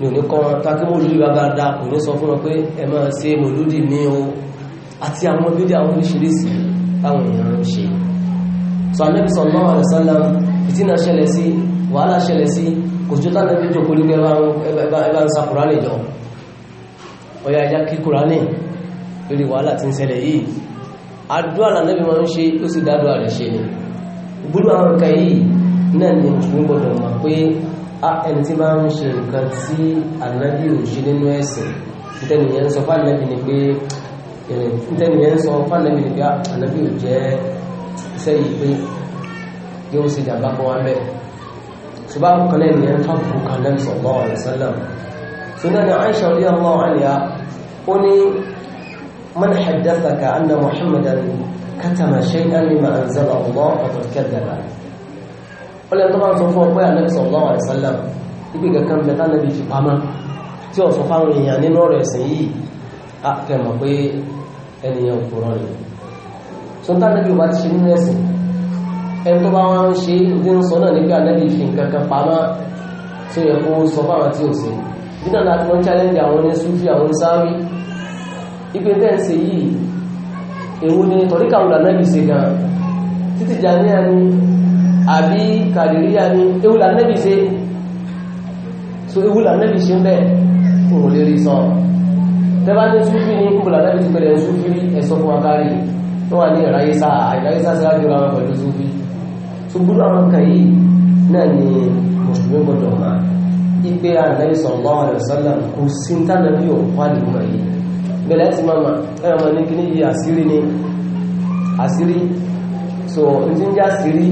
ní òní kọ́ wọn tákí mọ́lúdì bàbá da kò ní sọ fún wọn pé ẹ máa ṣe mọ́lúdì ní o àti àwọn bídí àwọn oríṣiríṣi táwọn èèyàn ń ṣe so Ànábì sallallahu alaihi wasallam ìtìnà ṣẹlẹ̀ sí wàhálà ṣẹlẹ̀ sí òjò tánà bí jòkó ní ẹbá ń sa kùránì jọ ọya ẹjá kí kùránì lórí wàhálà tí ń ṣẹlẹ̀ yìí àdúrà lànàbí máa ń ṣe ó sì dádúrà rẹ̀ ṣe ni gbogbo àwọn nǹkan yìí náà ni mùsùlùmí gbọdọ̀ mọ̀ pé ẹni tí máa ń ṣe nǹkan tí ànábì ò ṣe nínú ẹ̀sìn ìtẹnìyẹn sọ fánàbì ni pé ìtẹnìyẹn sọ ṣùgbọ́n kan lẹ́nu yẹn tó kù kan lẹ́nu sallallahu alaihi wasallam sunan ni aisha radiyallahu anha ó ní man haddathaka anna muhammadan katama shay'an mimma anzala allah faqad kadhaba ó lẹ́nu tó bá ń sọ fún ọ pé anabi sallallahu alaihi wasallam ibi kankan bẹ tá anabi fi pamọ́ tí ó sọ fáwọn èèyàn nínú ọ̀rọ̀ ẹ̀sìn ẹni tó bá wọn ń ṣe ní ń sọ náà nígbà lẹ́bi ìfì nǹkan kan pamọ́ tí ó yẹ kó sọ fáwọn tí ò sí nínú àná tí wọ́n challenge àwọn ní sufi àwọn ní sáwí ipe tẹ́ ń ṣe yìí èwo ni tọ́ríkà wùlà nẹ́bi ṣe gan títí jàníà ni àbí kàdìríyà ni ewùlà nẹ́bi ṣe so ewùlà nẹ́bi ṣe ń bẹ̀ fún òun lè rí sàn tẹ́bá ní sufi ní kúbùlà nẹ́bi ti bẹ̀rẹ̀ sufi ẹ̀sọ́ fún akárí wọ́n wà ní ìráyé sáà ìráyé sáà sí láti ọ̀la pẹ̀lú sufi ṣùgbọ́n àwọn nǹkan yìí náà ni mùsùlùmí gbọdọ̀ máa ipe ànábì sallallahu alaihi wasallam kò sí ní tánàbí òkú àdìmọ̀ yìí bẹ̀rẹ̀ ti máa ẹ̀rọ ọmọ ní so n ti ń já àṣírí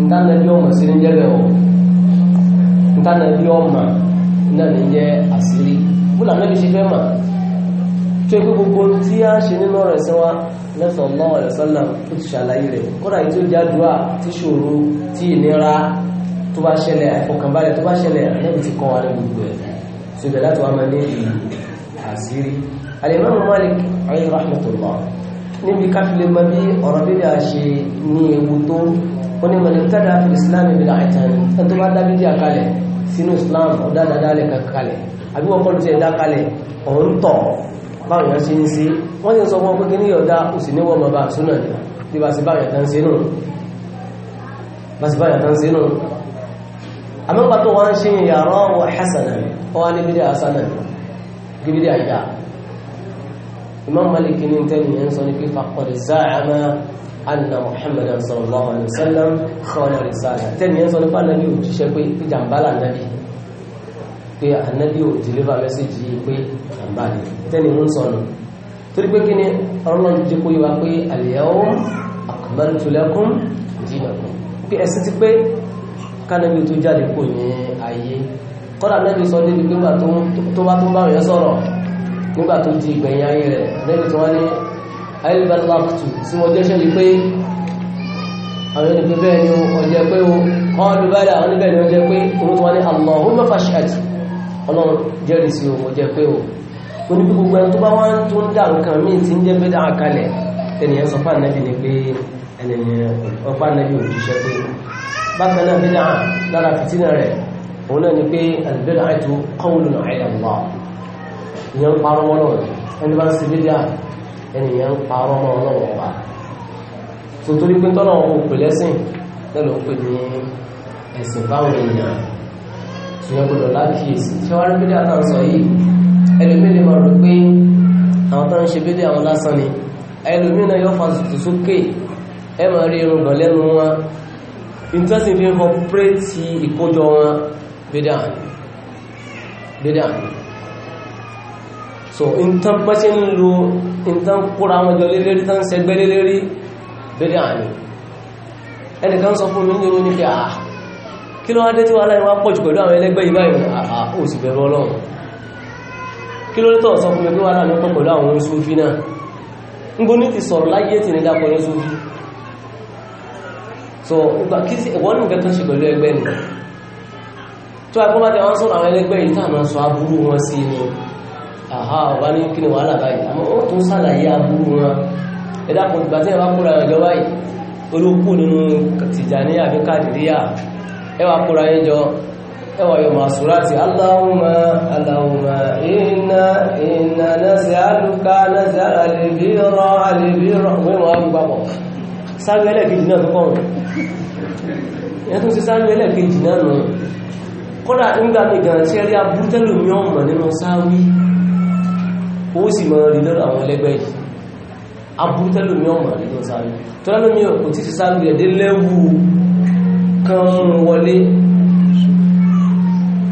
n tánàbí ọmọ sí ní jẹ́rẹ̀ ọ̀ n tánàbí ọmọ náà ní jẹ́ àṣírí bó làmẹ́bí ṣe fẹ́ sallallahu alaihi wasallam ó ti ṣàlàyé rẹ̀ kódà yìí tó jádùá tí ṣòro tí ìnira tó bá ṣẹlẹ̀ àìfọkànbalẹ̀ tó bá ṣẹlẹ̀ ànábì ti kọ́ wa ní gbogbo ẹ̀ síbẹ̀ láti wá máa ní ìlú àṣírí alimami malik ayi rahmatullah níbi káfílẹ̀ mọ́ bí ọ̀rọ̀ bí a ṣe ní ewu tó wọ́n ni mọ̀lẹ́ tẹ́lẹ̀ sínú islam ọ̀dá dáadáa lẹ̀ kalẹ̀ àbí wọ́n kọ́ ló ti ẹ̀dá kalẹ̀ ọ̀hún tọ̀ báwọn yẹn ṣe ń ṣe wọ́n ti sọ wọn pé kí ní ọ̀dá òsì níwọ̀ ọmọ bá súnà ní bí bá sí báyọ̀ tán ṣe nù bá sí báyọ̀ tán ṣe nù àmọ́pá tó wọ́n ṣe yàrá wọ hasana ọ níbi dé hasana níbi dé àyà Imam Malik ní tẹ́lẹ̀ yẹn sọ ní pé faqad za'ama anna Muhammadan sallallahu alaihi wasallam khana risala tẹ́lẹ̀ yẹn sọ nípa nàbí òjíṣẹ́ pé ìjàmbá là nàbí pé ànàbí ò deliver message yìí pé àlùbáàdì tẹ́ni ń sọnù torí pé kí ni ọlọ́run jẹ́ kó yíwa pé àlẹ́yàwó akmaltu lakum dinakum pé ẹ̀sìn ti pé kánàbí tó jáde kò ní ayé kọ́dà nẹ́bí sọ débi nígbà tó bá tó bá rẹ̀ sọ̀rọ̀ nígbà tó di ìgbẹ̀yìn ayé rẹ̀ nẹ́bí tó wá ní ayélujáfàtù tí wọ́n jẹ́ sẹ́lẹ̀ pé àwọn ẹni pé bẹ́ẹ̀ ni ọjẹ́ pé o kọ́ọ̀lù ni ọjẹ́ pé òun tó Allahumma fashhad Allah jẹ́rìí sí o ọjẹ́ pé mo ní gbogbo ẹni tó bá wá tó ń dá nǹkan míì tí ń jẹ́ bídà kalẹ̀ ẹnìyẹn sọ fún ànábì ni pé ẹnìyẹn ọ̀pá ànábì ò jíṣẹ́ pé bákan náà bídà lára fìtínà rẹ̀ òun náà ni pé àlùbẹ́dà àìtó kọ́wùlù àìyàwó ìyẹn ń parọ́ mọ́ náà ẹni bá ń ṣe bídà ẹnìyẹn ń parọ́ mọ́ ọlọ́wọ́ ọba tòtòrí pé tọ́nà ọmọ òpè lẹ́sìn lẹ́lọ́ pè ní ẹ̀sìn báwọn ẹlòmí lè máa rò pé àwọn tó ń ṣe bídé àwọn lásán ni ẹlòmí náà yóò fàṣùtù sókè ẹ máa rí irun gbọ̀n lẹ́nu wọn ìtọ́sí fi ń kọ pírẹ́tì ìkójọ wọn bídé àná bídé àná so ìtàn bá ṣe ń lo ìtàn kóra wọn jọ lélẹ́rí tán ṣẹgbẹ́ lélẹ́rí bídé àná ẹnìkan sọ fún mi ní irun ní pé àà ah, kí ló wá dé tí wàhálà yìí wá pọ̀jù pẹ̀lú àwọn ẹlẹ́gbẹ́ yìí báyìí àà ah, ah, ó sì bẹ̀rù ọlọ́run kí ló lẹ́tọ̀ sọ fún mi pé wà láàrin ọkọ̀ pẹ̀lú àwọn Sufi náà ń gbóní ti sọ̀rọ̀ láyé tí ní dápọ̀ so wọ́n ní nǹkan tó ṣe pẹ̀lú ẹgbẹ́ ni tó ẹgbọ́n wọ́n sọ̀rọ̀ àwọn ẹlẹgbẹ́ yìí sọ wọn sí ni àhá ọ̀bá ní kí ni wàhálà báyìí àmọ́ ó tún sàlàyé wọn ìgbà tí kóra báyìí olókù ẹwà yóò máa sùúrà tí aláhùnmá aláhùnmá iná iná nẹ́sẹ̀ alùká nẹ́sẹ̀ alìbíràn alìbíràn wọ́n wọ́n wọ́n gbapọ̀ sáré ẹlẹ́kejì náà tó kọrùn ẹ̀yẹ́ tó sí sáré ẹlẹ́kejì náà nù kọ́dà ńgbà mi wọlé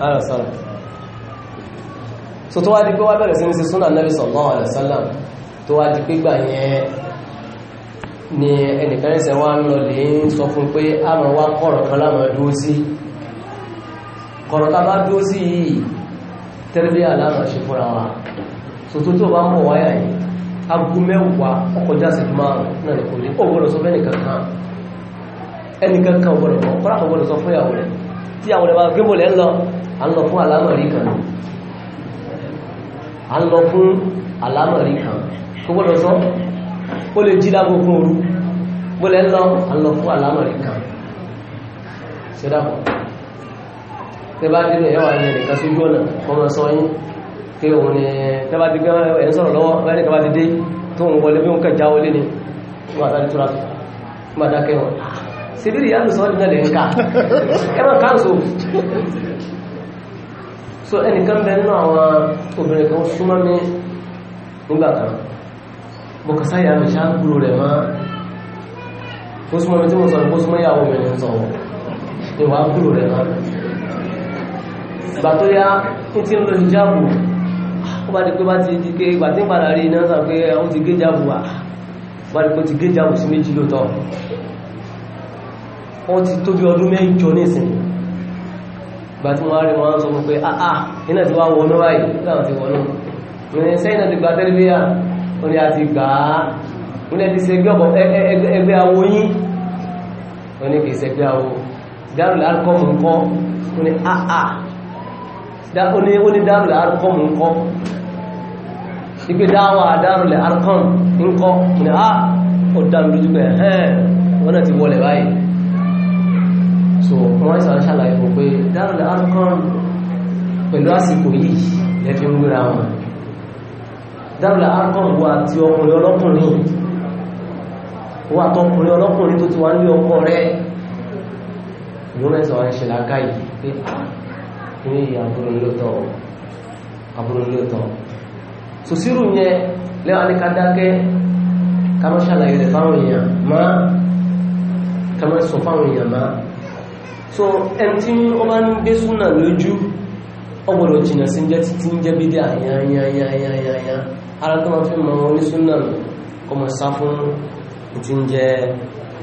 ara sára so tó wá di pé wá bẹ̀rẹ̀ sí ní sí súnà Nabi sallallahu alaihi wasallam tó wá di pé gbà yẹn ni ẹnìkan ṣe wá ń lọ lè ń sọ fún pé a mọ̀ wá kọ̀rọ̀ kan láwọn dúró sí kọ̀rọ̀ so tó tó bá mọ̀ wáyà yìí agbó mẹ́wàá ọkọjá sí márùn-ún náà ní kò ní ó gbọ́dọ̀ sọ fún ẹnìkan kan àwọn ẹ̀bá gbébò lẹ́ à ń lọ fún àlámọ̀rí kan à ń lọ fún àlámọ̀rí kan kó gbọ́dọ̀ sọ ó lè jí lágbo fún òru mo lẹ́ lọ à ń lọ fún àlámọ̀rí kan ṣe dàpọ̀ tẹ bá dínú ẹ̀yọ́ àwọn ènìyàn kan sójú ọ̀nà kọmọ sọ yín pé òun ni tẹ bá dínú ẹ̀ ń sọ̀rọ̀ lọ́wọ́ bá nìkan bá ti dé tó ń wọlé bí wọn kàn wọlé ni wọn àtàrí tura má dákẹ́ wọn síbírì yálù sọ́ọ́dì náà lè ń kà so ẹnìkan bẹ nínú àwọn obìnrin kan súnmọ́ mi nígbà kan mo kà sáyà mi ṣáà gbúrò rẹ̀ mọ́ ó súnmọ́ mi tí mo sọ ní kó súnmọ́ ìyàwó mi ní sọ ìwà gbúrò rẹ̀ mọ́ ìgbà tó yá ní tí ń lo ìjáàbù ó bá di pé bá ti di pé ìgbà tí ń padà rí iná sàn pé ó ti gé jáàbù wà bá di pé ó ti gé jáàbù sí méjì lóòótọ́ wọ́n ti tó ọdún mẹ́jọ ní ìsinmi ìgbà tí wọ́n rí wọn sọ pé àà ah, ah, iná ti wá wọnú báyìí láwọn ti wọnú ní sẹ́yìn náà ti gba tẹ́lifíà ó ní a ti gbà á nílẹ̀ ti ṣe ẹgbẹ́ awo yín ó ní kì í ṣe ẹgbẹ́ awo dárò lárúkọ́mù ńkọ́ ó ní àà ah, ó ní dárò lárúkọ́mù ńkọ́ ìgbé dáwà dárò lárúkọ́mù ńkọ́ ó ní àà ó dárò lójú pé ẹ̀hẹ́n wọ́n náà ti wọlé báyìí so wọ́n sọ ṣàlàyé fún pé Darul Arqam pẹ̀lú àsìkò yìí lẹ́fí ń gbéra wọn Darul Arqam wà tí ọkùnrin ọlọ́kùnrin wà tọkùnrin ọlọ́kùnrin tó ti wà nílé ọkọ rẹ̀ ìlú mẹ́sàn án ṣe láká ah, yìí pé ní àbúrò lóòtọ́ àbúrò lóòtọ́ sòsírù yẹn lẹ́wọ̀n ní ká dákẹ́ ká má ṣàlàyé rẹ̀ fáwọn èèyàn má ká má sọ fáwọn èèyàn má so ẹni tí wọ́n máa ń gbé súnà lójú ọgbọ̀dọ̀ jìnà sí jẹ́ títí ń jẹ́ bídí àyàyàyàyàyà ara tó máa fi mọ wọn ní súnà kọ mọ̀ sá fún ìtí ń jẹ́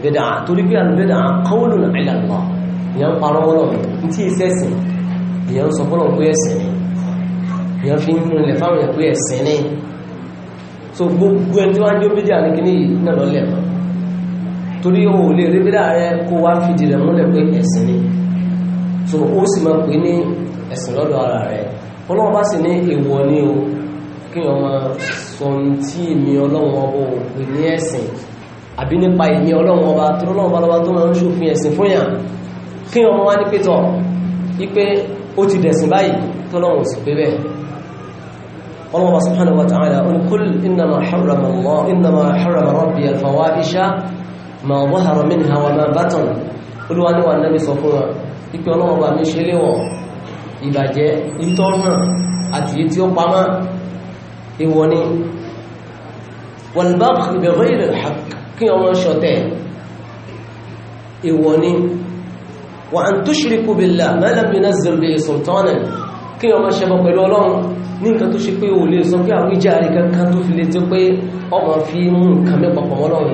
bídà torí bí àlùbídà kọ́wọ́lù náà ilà lọ ìyẹn parọ́ mọ́lọ̀ ní tí ìṣẹ́ ẹ̀sìn ìyẹn sọ fọ́lọ̀ so gbogbo ẹni tí wọ́n á jẹ́ bídà ní kíní yìí torí ohun ò lè rí bídà rẹ kó wá fìdí rẹ múlẹ̀ pé ẹ̀sìn ni so ó sì máa pè ní ẹ̀sìn lọ́dọ̀ ara rẹ ọlọ́wọ́ bá sì ní èèwọ̀ ni o kí wọ́n máa sọ tí èmi ọlọ́wọ́ ọbọ̀ òpè ní ẹ̀sìn àbí nípa èmi ọlọ́wọ́ ọba tí ọlọ́wọ́ balọ́ba tó máa ń ṣòfin ẹ̀sìn fún yàn kí wọ́n wá ní pétọ̀ wípé ó ti dẹ̀sìn báyìí tọ́lọ́wọ́ sì pé bẹ́ẹ̀ ọlọ́wọ́ subhanahu wa ta'ala ó ní kúl innama harrama Allah innama harrama ma zahara minha wa ma batan olúwa ní wà náà sọ fún wa ipe ọlọ́wọ́ bá mi ṣe léwọ̀ ìbàjẹ́ ìtọ́hàn àti èyí tí ó pamọ́ ìwọ ni wal baghi bi ghayri al-haqq kí ọmọ ṣọ̀tẹ̀ ìwọ ni wa an tushriku billahi ma lam yunzil bihi sultanan kí ọmọ ṣẹbọ pẹ̀lú ọlọ́run ní nǹkan tó ṣe pé o lè sọ pé àwọn ìjà kankan tó fi lè tó pé ọmọ fi mú nǹkan mẹ́pàpọ̀ mọ́lọ́run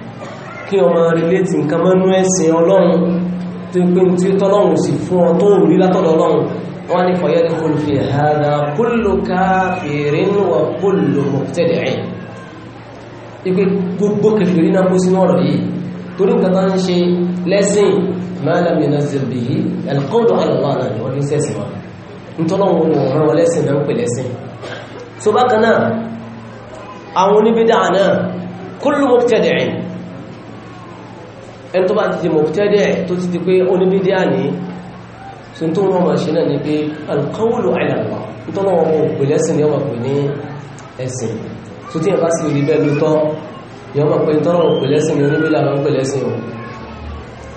kí ọmọ relate nǹkan mọ́nú ẹ̀sìn ọlọ́run tó pín tí ó tọ́lọ́run sì fún ọ tó rí látọ̀dọ̀ ọlọ́run wọ́n ní fọyẹ́ ní kúlù fi hàdà kúlù káfìrín wà kúlù mọ̀tẹ́dẹ̀ẹ́ ipe gbogbo kẹfìrí náà kó sínú ọ̀rọ̀ yìí torí nǹkan tó ń ṣe lẹ́sìn mọ́lẹ́mì náà sì bì ẹni tó bá ti di mọ̀tẹ́dẹ̀ tó ti di pé oníbídíà ní tó tó wọ́n máa ṣe náà ni pé alqawlu ala Allah nítorí wọn kò pè lẹ́sìn ni wọ́n pè ní ẹ̀sìn tó tí yẹn bá sì rí bẹ́ẹ̀ lótọ́ ni wọ́n pè ní tọ́rọ̀ pè lẹ́sìn ni oníbídíà máa ń pè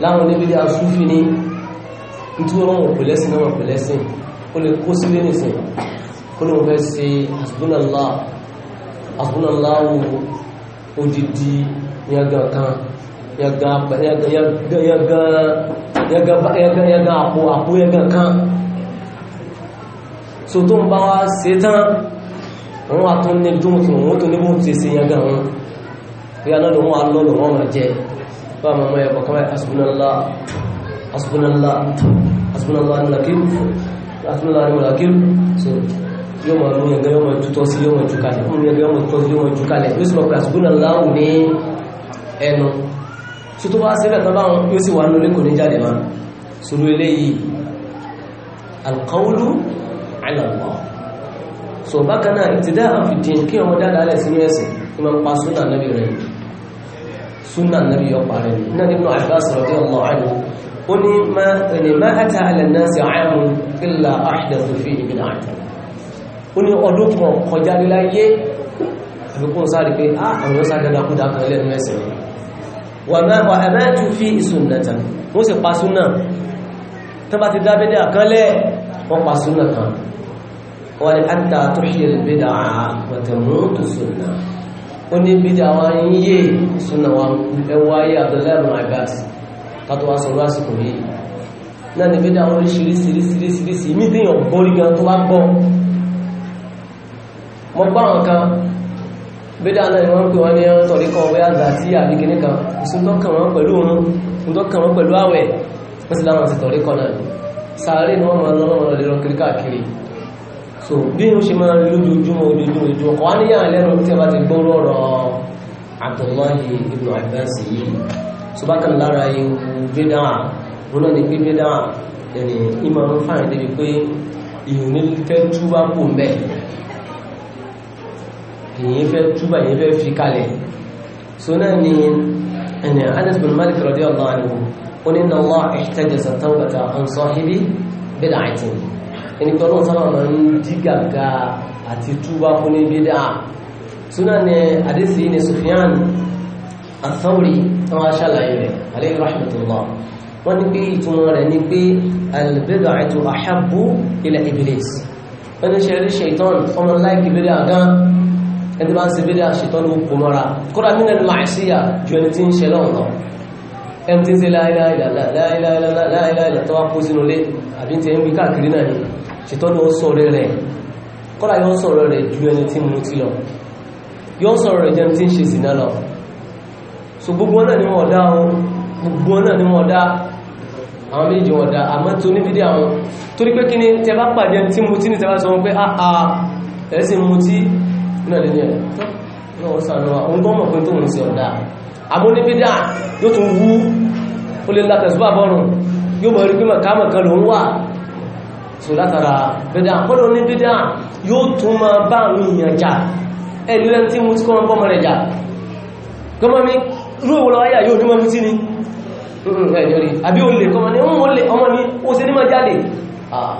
láwọn oníbídíà súfì ní nítorí wọn kò pè lẹ́sìn ó lè kó sílé nìsín kó lóun fẹ́ ṣe hasbunallah hasbunallah odidi yàgàn kan ya gan àpò àpò ẹgbẹ̀ kan so tó ń bá wá ṣe tán wọ́n wá tún ní dùn tún wọ́n tún ní bóun ti ṣe yẹn gan wọn bí a náà lòun wá lọ́lọ́ wọ́n máa jẹ bá a mọ̀mọ́ ẹ̀kọ́ kan asbunallah asbunallah asbunallah nílàkíw asbunallah nílàkíw so yóò máa lóyún ẹgbẹ́ yóò máa tutọ́ sí yóò máa jù kalẹ̀ yóò máa tutọ́ sí yóò máa jù kalẹ̀ yóò sì máa pẹ́ asbunallah ní ẹnu so tó bá síbẹ̀ tán báwọn yóò sì wà nílé kò ní jáde máa sọ̀rọ̀ eléyìí alqawlu ala Allah so bákan náà ìtìdá àfìdín kí ọmọ dáadáa alẹ́ sínú ẹ̀sìn kí máa ń pa súnà nàbì rẹ̀ súnà nàbì ọ̀pá rẹ̀ náà nínú Abbas radiyallahu anhu ó ní ma ata ala nasi amun illa ahdathu fihi bid'atan ó ní ọdún kan kọjá níláyé àbíkún sáré pé ah, àwọn sáré dáadáa kú dáadáa lẹ́nu ẹ̀sìn wà ẹ̀mẹ́tù fi ìsúnnàtà ó sì pa súnnà tó bá ti dá bídá àkánlẹ̀ wọ́n pa súnnà kan wọ́n ni àtà tó ṣe bídá àwọ̀tẹ̀mọ́tò súnnà ó ní bídá wá ń yé súnnà wá ẹwà ayé àdọ́lẹ́rùn àgbàt tàbí wá sọ̀rọ̀ àsìkò yìí náà ni bídá wọn oríṣiríṣiríṣiríṣi mí bídá náà ni wọ́n pè wọ́n ní ẹran tọ̀rí kan wẹ́ àgbà tí àbí kìíní kan ìsúntọ́kàn wọn pẹ̀lú oorun ìsúntọ́kàn wọn pẹ̀lú àwẹ̀ wọ́n sì láwọn sí tọ̀rí kan náà sàárè ni wọ́n máa lọ́wọ́ lè kiri so bí wọ́n ṣe máa lójoojúmọ́ ojoojúmọ́ ojú ọkọ̀ wọ́n níyàn lẹ́nu tí a bá Abdullahi ibn Abbas yìí so bákan lára ewu bídá wọn ni pé bídá ẹni ìmọ̀ ń fàyàn débi pé ìhùn èyí fẹ́ túbà èyí fẹ́ fi kalẹ̀ so náà ni ẹni Anas bin Malik radiyallahu anhu ó ní inna Allah ihtajaza tawbata an sahibi bid'atin ẹni pé ọlọ́run sábà máa ń dí gàgà àti túbà fún ní bídà so náà ni àdéṣe ní Sufyan athawri tó wá ṣàlàyé rẹ̀ alayhi rahmatullah wọ́n ní pé ẹni bá ń ṣe bídá ṣètọ́ ní kò mọ́ra kódà nínú ẹni máa ṣíyà ju ẹni tí ń ṣe lọ́wọ́ lọ ẹni tí ń ṣe láìláìlá tó wá kó sínú lé àbí tí ẹ ń bí káàkiri náà ni ṣètọ́ ní ó sọ̀rọ̀ rẹ̀ kódà yóò sọ̀rọ̀ rẹ̀ ju ẹni tí mu ti lọ yóò sọ̀rọ̀ rẹ̀ ju ẹni tí ń ṣe zìnà lọ so gbogbo náà ni wọ́n dá wọn gbogbo náà ni wọ́n dá àwọn méjì wọ́n dá àmọ́ tí oníbídí àwọn torí pé kí ni tẹ bá pàdé ẹni tí mu ti ní tẹ bá sọ wọn pé ah ah ẹ̀sìn ti náà lè ní ẹ̀ náà wọ́n sàánú wa òun gbọ́mọ̀ pé tóun sí ọ̀dá àmú níbi dá yóò tún wú ó lè la tẹ̀síwá bọ́rùn yóò mọ̀ rí pé mọ̀ káàmọ̀ kan lòún wà so látara bídá kọ́dọ̀ ní bídá yóò tún máa bá àwọn èèyàn jà ẹ̀ nílẹ̀ tí mo ti kọ́ ń bọ́mọ rẹ̀ jà gọ́mọ mi rú ìwòlọ́ ayà yóò ní mọ́ mú sí ni àbí o lè kọmọ ní wọ́n lè ọmọ ní ó sí ní máa jáde ah,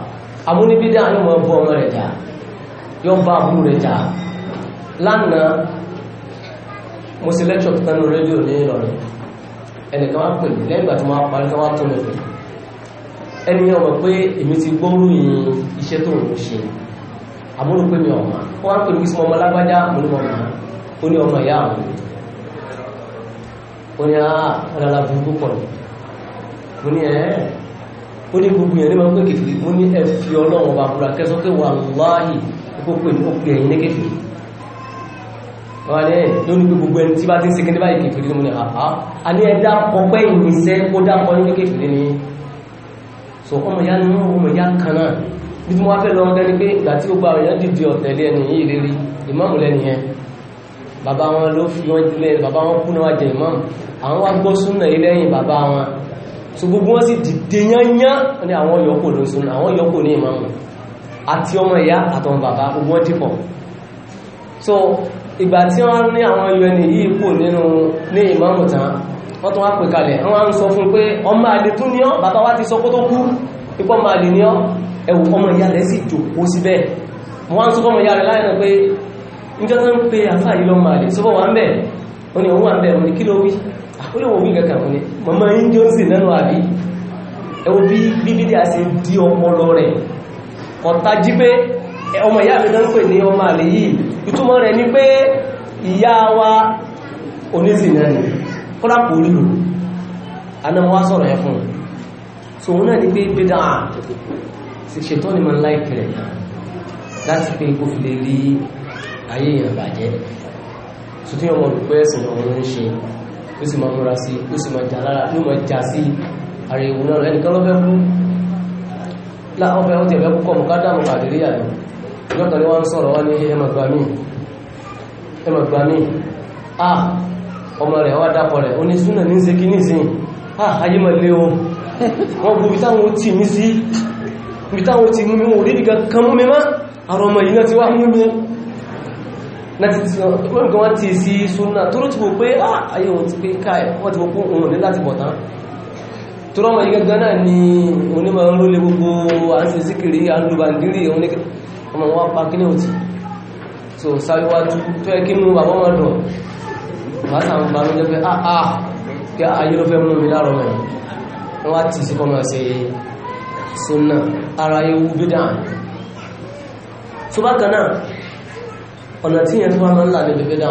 àmúnibídá yóò mọ́ bọ́ ọmọ rẹ̀ jà yóò bá àbúrò rẹ̀ jà lánàá mo ṣe lẹ́tọ̀ tánú rédíò ní Ìlọrin ẹnìkan wá pè lẹ́yìn ìgbà tó máa parí kan wá tó lẹ́tọ̀ ẹni ọmọ pé èmi ti gbóòrò yìí iṣẹ́ tó ń ṣe àbúrò pé mi ọmọ ó wá pè mí sí ọmọ lágbájá mo ní ọmọ ó ní ọmọ ìyá àwọn ó ní ah, àá burúkú pọ̀ mo ní ẹ̀ ó ní gbogbo yẹn ní máa ń pè kìfì mo ní ẹ fi ọlọ́run ọba àbúrò akẹ́sọ́ pé wàláhì pè ní ó ẹ̀yìn ní kìfì wọ́n ní lórí pé gbogbo ẹni tí bá ti ń sekende báyìí kèfèrè ní mo ní àá ah, ah. a ní ẹ̀dá ọpẹ́ ìrìnsẹ́ kó dákọ ní kèfèrè ní so ọmọ ìyá ní ọmọ ìyá kan náà bí mo wá fẹ́ lọ ọdẹ ni pé ìgbà tí ó gba ọ̀yàn dìde ọ̀tẹ̀lé ẹni yìí rírí ìmáàmù lẹ́nu yẹn bàbá wọn ló fi wọn dilẹ̀ bàbá wọn kú náà jẹ ìmáàmù àwọn wá gbọ́ súnà yìí lẹ́yìn bàbá wọn so gbogbo wọn sì dìde yányán ní àwọn yòókù ló ń súnà àwọn yòókù ní ìmáàmù àti ọmọ ìyá àtọmọ bàbá so ìgbà tí wọ́n ní àwọn un e yìí kò nínú ní ìmáàmù tán wọ́n tún wá pè kalẹ̀ wọ́n ń sọ fún pé ọmọ àlè tún ní ọ́ bàbá wá ti sọ kó tó kú ipọ́ ọmọ àlè ní ọ́ ẹ̀wù ọmọ ìyá sì jòkó síbẹ̀ pe àfà yìí lọ́mọ àlè sọ́kọ́ wà ń bẹ̀ ó ní òun wà ń bẹ̀ òun ní kí ló wí àkúlẹ̀wò ah, wí kankan òun ni mọ̀mọ́ yín sí lẹ́nu ọmọ ìyá mi dán pè ní ọmọ àlè yìí ìtumọ̀ rẹ̀ ni pé ìyá wa onísìnà ni kọ́lá kò rí lò anamọ́wá sọ̀rọ̀ ẹ̀ fún un so òun náà ni pé bídà ṣètọ́ ni máa ń láì kẹrẹ̀ láti pé kó fi lè rí ayé èèyàn bàjẹ́ so tí ọmọ olùpẹ́ ẹ̀sìn ọ̀run ń ṣe ó sì máa múra sí ó sì máa jà lára ló máa jà sí ara ìwò náà ẹnìkan lọ́fẹ́ kú láwọn ọ̀fẹ́ ó ti ẹ̀fẹ́ kú kọ́ mọ̀ká dáàmú kàdéríyà lọ lọ́kàn ni wọ́n sọ̀rọ̀ wọ́n ní ẹmọ̀gbàmí ẹmọ̀gbàmí à ọmọ rẹ̀ wá dápọ̀ rẹ̀ oní súnà ní ṣe kí nìsín à ayé mọ̀ lé o wọ́n bu ìtàwọn tí mi sí ìtàwọn tí mú mi wò rídì kan mú mi má àrọ̀ ọmọ yìí náà ti wá mú mi láti tí wọ́n gan wá ti sí súnà tó ló ti wò pé à ayé wọ́n ti pé òun ni onímọ̀ ń rólé gbogbo à ń ṣe síkiri à ń ọmọ wọn pa kí ní òtì tó sáríwájú tó ẹ kí mú bàbá wọn dùn bá sàmù bá lójẹ́ pé àà ah, ah, kí ayé ló fẹ́ mú mi láàrọ̀ mẹ́ wọ́n á ti sí kọ́mọ̀ sí sunna ara ewu bídà tó bá kan náà ọ̀nà tí yẹn tó bá máa ń là ní bídà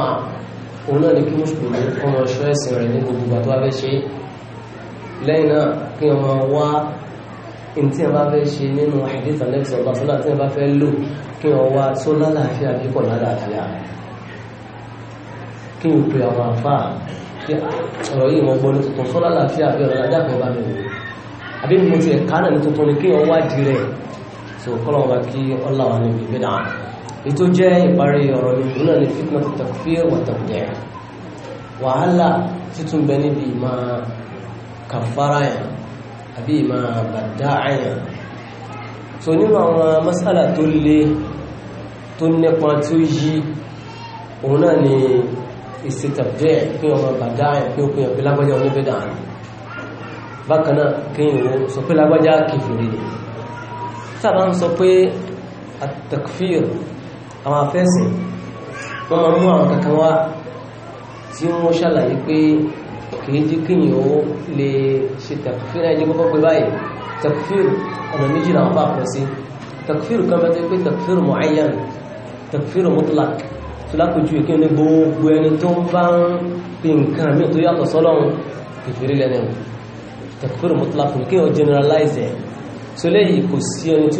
òun náà ni kí mùsùlùmí ọmọ ọ̀ṣọ́ ẹ̀sìn rẹ̀ ní gbogbo àtọ́wà ṣe lẹ́yìn náà kí ọmọ wá ntí ẹ bá fẹ́ ṣe nínú àdìsàn lẹ́sìn ọba sọ́lá tí ẹ bá fẹ́ lò kí ọ wá tó lálàáfíà bí kò lálàáfíà kí o pe àwọn àfà kí ọ̀rọ̀ yìí wọ́n gbọ́ ní tuntun sọ́lá lálàáfíà bí ọ̀rọ̀ ajá kan bá mi wò àbí mo ti ẹ̀ka náà ní tuntun ni kí ọ wá di rẹ̀ tó kọ́lọ̀ wọn kí ọlá wọn níbi ìgbéda èyí jẹ́ ìparí ọ̀rọ̀ mi òun náà fitna takfir àbí ìmọ̀ àbàdá àyàn so nínú àwọn masala tó le tó nípa tí ó yí òun náà ni ìsìtàbẹ́ pé ọmọ àbàdá àyàn pé òpin ọ̀pẹ́ lágbájá oníbẹ̀dà àyàn bákan náà kí ni wọ́n sọ pé lágbájá kìfìrí ni sábà ń sọ pé àtàkfíìr àwọn afẹ́sìn wọ́n máa mú àwọn kankan wá tí wọ́n ṣàlàyé pé kìí jí kíyìn ó lè ṣe takfir ẹjẹ́ kọ́kọ́ pé báyìí takfir ọ̀nà méjì náà fà pẹ̀ sí takfir kan bẹ́ẹ̀ tó pé takfir mu'ayyan takfir mutlaq tó lápẹjú ìkí ní gbogbo ẹni tó bá ń pè nǹkan mí tó yàtọ̀ sọ́lọ́run kìfìrí lẹ́nu takfir mutlaq ní kí wọ́n generalize ẹ̀ so lẹ́yìn kò sí ẹni tí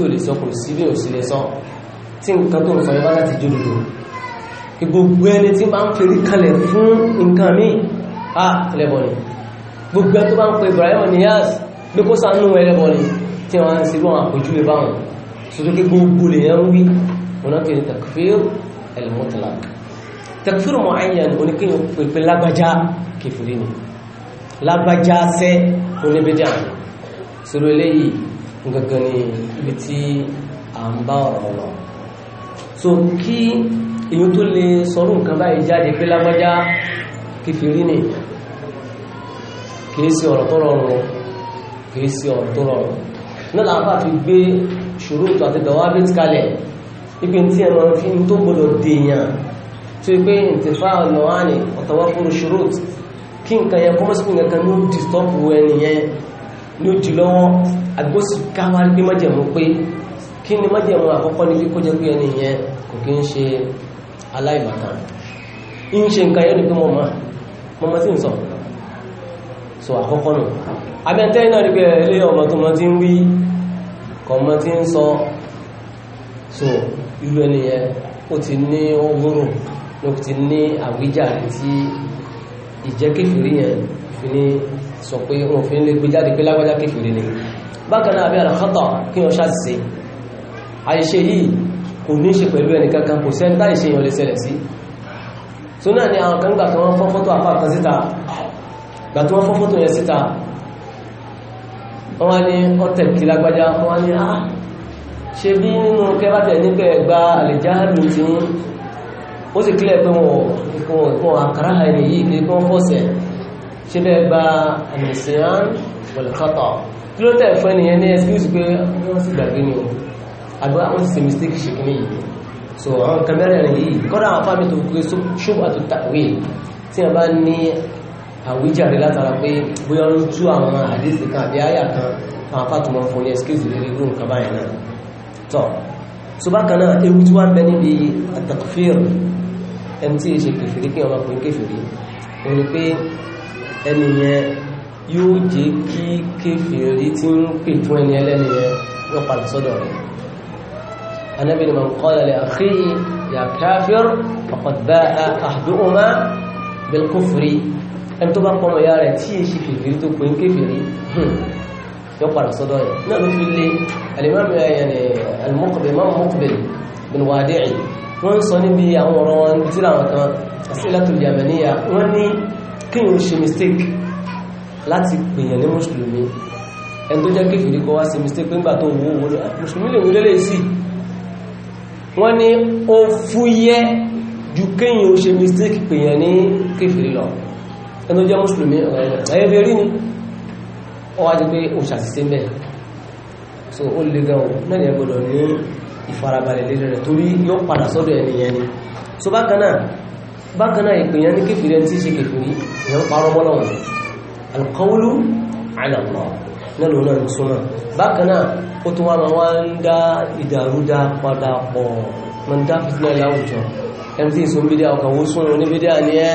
ò ha ah, ẹlẹ́bọ̀ ni gbogbo ẹ tó bá ń pe Ibrahim Niyas bí kó sánú ẹlẹ́bọ̀ ni tí wọ́n ń sibọ́n àpòjúwe báwọn sótókè gbogbo lè yẹn ń wí wọn kì í takfir al-mutlaq takfir mu'ayyan oníkéyìn pèpè lágbájá kẹfìrí ni lágbájá sẹ́ oníbẹ̀dẹ̀ àná sọ̀rọ̀ eléyìí gangan ni ibi tí à ń bá ọ̀rọ̀ lọ so kí èyí tó lè sọ̀rọ̀ nǹkan báyìí jáde pé lágbájá kékeré ní kìí sí ọ̀rọ̀ tó rọrùn kìí sí ọ̀rọ̀ tó rọrùn fi gbé ṣòro ètò àti dọ̀wà bí kalẹ̀ ipe tí ẹ máa fi tó gbọdọ̀ dèèyàn tó yẹ pé ìtìfà ọ̀nà wà ní ọ̀tọ̀wọ́ fún ṣòro kí nǹkan yẹn kọ́mọ́ sí nǹkan ní ó ẹni yẹn ní ó di lọ́wọ́ májẹ̀mú pé kí ni májẹ̀mú àkọ́kọ́ ní kíkó jẹ́ pé ẹni yẹn kò kí ń ṣe ń ṣe nǹkan yẹn ní mọ́mọ́ tí ń sọ so àkọ́kọ́ nù abẹ́ntẹ́ iná rí pé ilé ọmọ tó mọ́ tí ń wí kọmọ tí ń sọ so irú ẹni yẹn ó ti ní ogúrùn ló ti ní àwíjàre tí ìjẹ́kẹfìrí yẹn fi ní sọ pé wọn fi ń lè gbé jáde pé lágbájá kẹfìrí ni bákan náà abẹ́rẹ́ kọ́tọ̀ kí wọ́n ṣàṣìṣe àìṣe yìí kò ní ṣe pẹ̀lú ẹnì kankan kò sẹ́ńtà ìṣe lè ṣẹlẹ̀ sí tó ni àwọn kan gbà tó wọ́n fọ́ fọ́tò àpá kan síta gbà tó wọ́n fọ́ fọ́tò yẹn síta wọ́n ní ọ̀tẹ̀ kí lágbájá wọ́n ní á ah, ṣe bí nínú kẹbàtẹ̀ nípẹ̀ gba àlèjáàlù tí wọ́n ó sì kílẹ̀ pé wọ́n ìkan àkàrà ẹni yìí kí wọ́n fọ́sẹ̀ ṣe bẹ́ gba àmìsíyàn pẹ̀lẹ̀kọ́tọ̀ ni o àgbà wọ́n so àwọn kẹmẹ́rẹ̀ rẹ̀ yìí kọ́dá àwọn fámi tó gbé tak tó tàwé tí a wijah ní àwíjàre látara pé bóyá ń tú àwọn àdéṣe kan àbí àyà kan àwọn afátumọ̀ fún ní ẹsikẹ́sì lórí irú nǹkan báyìí so bákan kena ewu tí wọ́n di takfir. MC àtàkùfíìr ẹni tí ìṣe kẹfìrí kí Ini pín ini òun ni pé ẹni yẹn yóò jẹ́ kí kẹfìrí tí ń pè fún ẹni ẹlẹ́ni النبي من قال لأخيه يا كافر فقد باء أحدهما بالكفر أن تبقوا يا رتي شي في الفيديو كوين كفري يقرأ صدايا نعم في اللي الإمام يعني المقبل إمام مقبل بن وادعي wọ́n sọ níbi àwọn ọ̀rọ̀ wọn tí àwọn kan Asilatul Yamaniya wọ́n ní kí o ṣe mistake láti pèèyàn ní mùsùlùmí ẹni tó jẹ́ kéfìrí kọ́ wá sí mistake pé ńgbà tó wó wó mùsùlùmí lè wúlé lè sí wọ́n ní ó fúyẹ́ ju kéyìn ó ṣe mistake pèèyàn ní kéfìrí lọ ẹni ó jẹ́ mùsùlùmí ẹ̀yẹ́ fi rí ni ó wá pé ó ṣàṣìṣe mẹ́ so ó lè gan òun náà yẹn gbọdọ̀ ní ìfarabalẹ̀ lè rẹ̀ torí yóò padà sọ́dọ̀ ẹnìyẹn ni so bákan náà bákan náà ìpèèyàn ní kéfìrí ẹni tí ṣe kéfìrí ìyẹn parọ́ mọ́lọ́wọ́ alqawlu ala náà lòun náà ń súnmọ́ bákan náà ó tún wá máa ń dá ìdàrúdà padà pọ̀ máa ń dá fìtínà láwùjọ ẹni tí ìsún bídíà ọkàn wó ní bídíà ni ẹ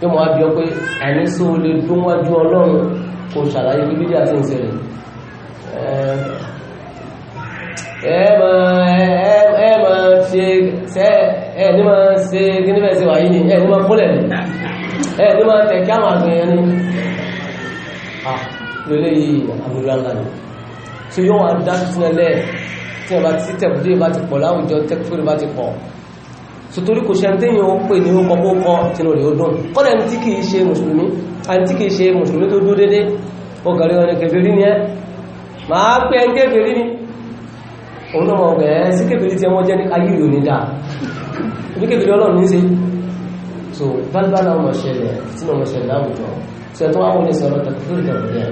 yóò máa bí ọ pé ẹni sí o lè dún wájú ọlọ́run kò ṣàlàyé bí bídíà ti ń ṣẹlẹ̀ ẹ ẹ máa ṣe ẹ ní máa ṣe kíní bẹ́ẹ̀ ni ẹ ní máa ni ẹ lórí yìí àbúrúwáńgá ni tí yóò wá dá fún ẹlẹ́ tí a bá ti tẹ̀bùdé bá ti pọ̀ láwùjọ tẹ́kùfúrú bá ti pọ̀ sotori kò ṣe tẹ́yìn ó pè ní ọkọ̀ bó kọ́ tinú rẹ̀ ó dùn kọ́lẹ̀ ní tí kìí ṣe mùsùlùmí àti tí kìí ṣe mùsùlùmí tó dúró dédé ó gàrí ọ̀nà kẹfẹ́rí ni ẹ́ máa pé ẹni kẹfẹ́rí ni òun náà mọ̀ bẹ́ẹ̀ sí kẹfẹ́rí tí wọ́n jẹ́ ní ayé ìlú ní dáa ibi kẹfẹ́rí ọlọ́run ní ṣe so bálbálà ọmọ ṣẹlẹ̀ tí ọmọ ṣẹlẹ̀ láwùjọ ṣẹ̀tọ́ àwọn oníṣẹ́ ọlọ́tà kẹfẹ́rí tẹ̀lé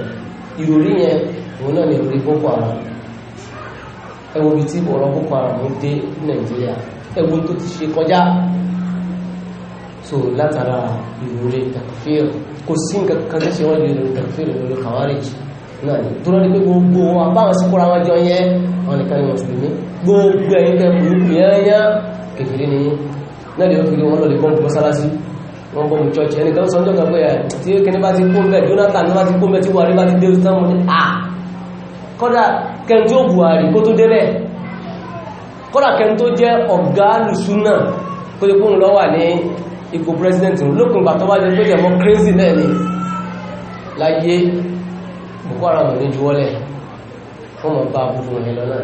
ìròrí yẹn òun náà ni ìròrí boko haram ẹwọ bíi tí ọ̀rọ̀ boko haram dé nàìjíríà ẹwọ tó ti ṣe kọjá so látara ìròrí takfir kò sí nǹkan kan tó ṣe wọ́n lè lórí takfir lórí khawarij náà ni tó lọ́dún pé gbogbo wọn àbáwọn sí kóra wọn jọ yẹn wọn nìkan ni mùsùlùmí gbogbo ẹ̀yin kẹ́kọ̀ọ́ yẹn yẹn kékeré ni náà lè fi wọn lọ lè bọ́ǹbù mọ́sálásí wọ́n gbọ́ mi chọ́ọ̀chì ẹnìkan sọ ọjọ́ kan pé ẹ̀ tí kíní bá ti kó mbẹ́ Jonathan bá ti kó mbẹ́ tí Buhari bá ti dé sọ́mu ní à kọ́dà kẹ́ni tó Buhari kó tó débẹ̀ kọ́dà kẹ́ni tó jẹ́ ọ̀gá lùsúnà kó tó kó ń lọ́wà ní ipò president lókun ìgbà tó wá jẹ́ pé crazy náà ni láyé Boko Haram ní juwọ́lẹ̀ fún ọmọ bá abúrú wọn lọ náà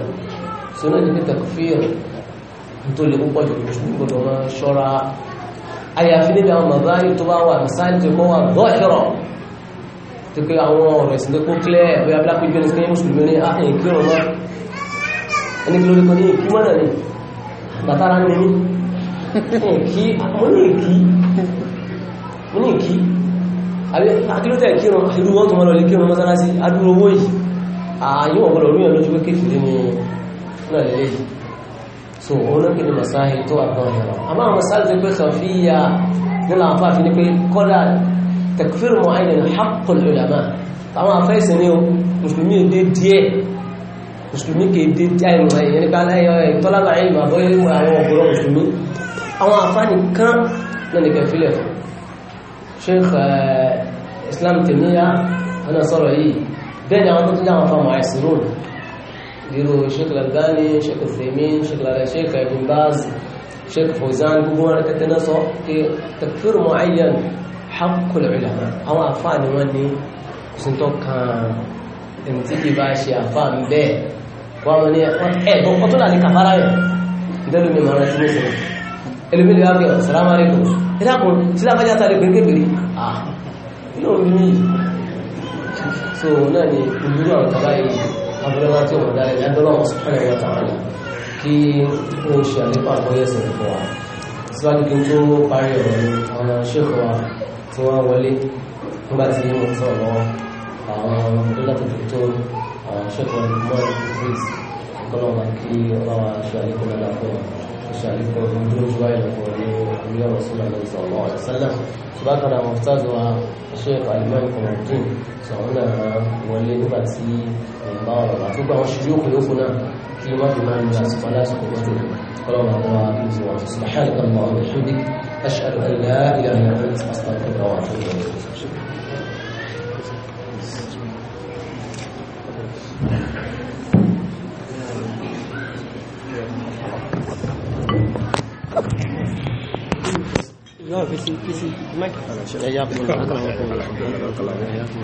sọ náà ní pé takfir nítorí púpọ̀ jù gbọdọ̀ máa ṣọ́ra àyàfi níbi àwọn bàbá yìí tó bá wà sáájú mọ́ wà lọ́ọ̀ṣọ́rọ̀ tó pé àwọn ọ̀rọ̀ ìsìnkú kó kílẹ̀ bóyá bí lápẹjọ́ ní sẹ́yìn mùsùlùmí ní àhìn ìkírun náà ẹni kí lórí kan ní ìkú mọ́nà ni bàtàrà ní mí mo ní ìkí mọ́ ah, lọ lè kírun mọ́sálásí adúrówó yìí ah, so olókè ní masáyé tó wà gan yọrọ àmọ́ àwọn masáyé tó pé kàfíyà nílò àwọn afáàfin ní pé kọ́dà takfir mu'ayyan haqqul ulama àwọn afẹ́sẹ̀ ní o mùsùlùmí èdè díẹ̀ mùsùlùmí kè dé díẹ̀ ìmọ̀ ẹ̀yẹ nípa ìtọ́lábà ìmọ̀ àbọ́yé àwọn ọ̀gọ́rọ̀ mùsùlùmí àwọn bírò sheikh Al-Albani sheikh Uthaymeen sheikh lalẹ sheikh Ibn Baz sheikh Fawzan gbogbo wọn kẹtẹ náà sọ pé takfir mu'ayyan haqqul ulama àwọn àfáà ni wọ́n ní kùsùntọ́ kan ẹni tí kì bá ṣe àfáà ń bẹ́ẹ̀ wọ́n mọ̀ ní ẹ̀gbọ́n kọ́ tó dà ní kàfárá yẹn ìdẹ́lu mi máa rántí nísìnyí ẹlòmílì wá bí ọ̀sán aláìkò ìdákùn tí lápájá sáré gbẹ̀gbẹ̀rẹ̀ ah inú orí ní yìí so náà ni ìlú àwọn tàbá yìí abúlọ́lá tí ó dá ilẹ̀ lọ́wọ́ subhanahu wa ta'ala kí ó ṣe àlékún àgbọ́yé sí ìfọ̀ wa síwájú kí n tó parí ọ̀rọ̀ ni àwọn ṣèkọ̀ wa tí wọ́n wọlé nígbà tí mo sọ lọ́wọ́ àwọn dọ́là tó tó àwọn ṣèkọ̀ mọ́ ìfúrís ọ̀pọ̀lọpọ̀ kí ọlọ́wà ṣe àlékún lọ́dà fún wa. kushiriki ujuzi wale walioambiwa Rasulullah sallallahu alaihi wasallam subaka na muftazi wa Sheikh Al-Imam Qurtubi sọ̀rọ̀ wọlé nígbà tí ìgbà ọ̀rọ̀ àtúgbà àwọn ṣùgbọ́n kò yóò fúnà kí má fi máa ń lọ àsìkò aláṣìkò tó kọlọ̀ àwọn ìwọ̀n subhanallahi wa bihamdihi ashhadu an la ilaha illa anta astaghfiruka wa atubu ilayk Δεν είναι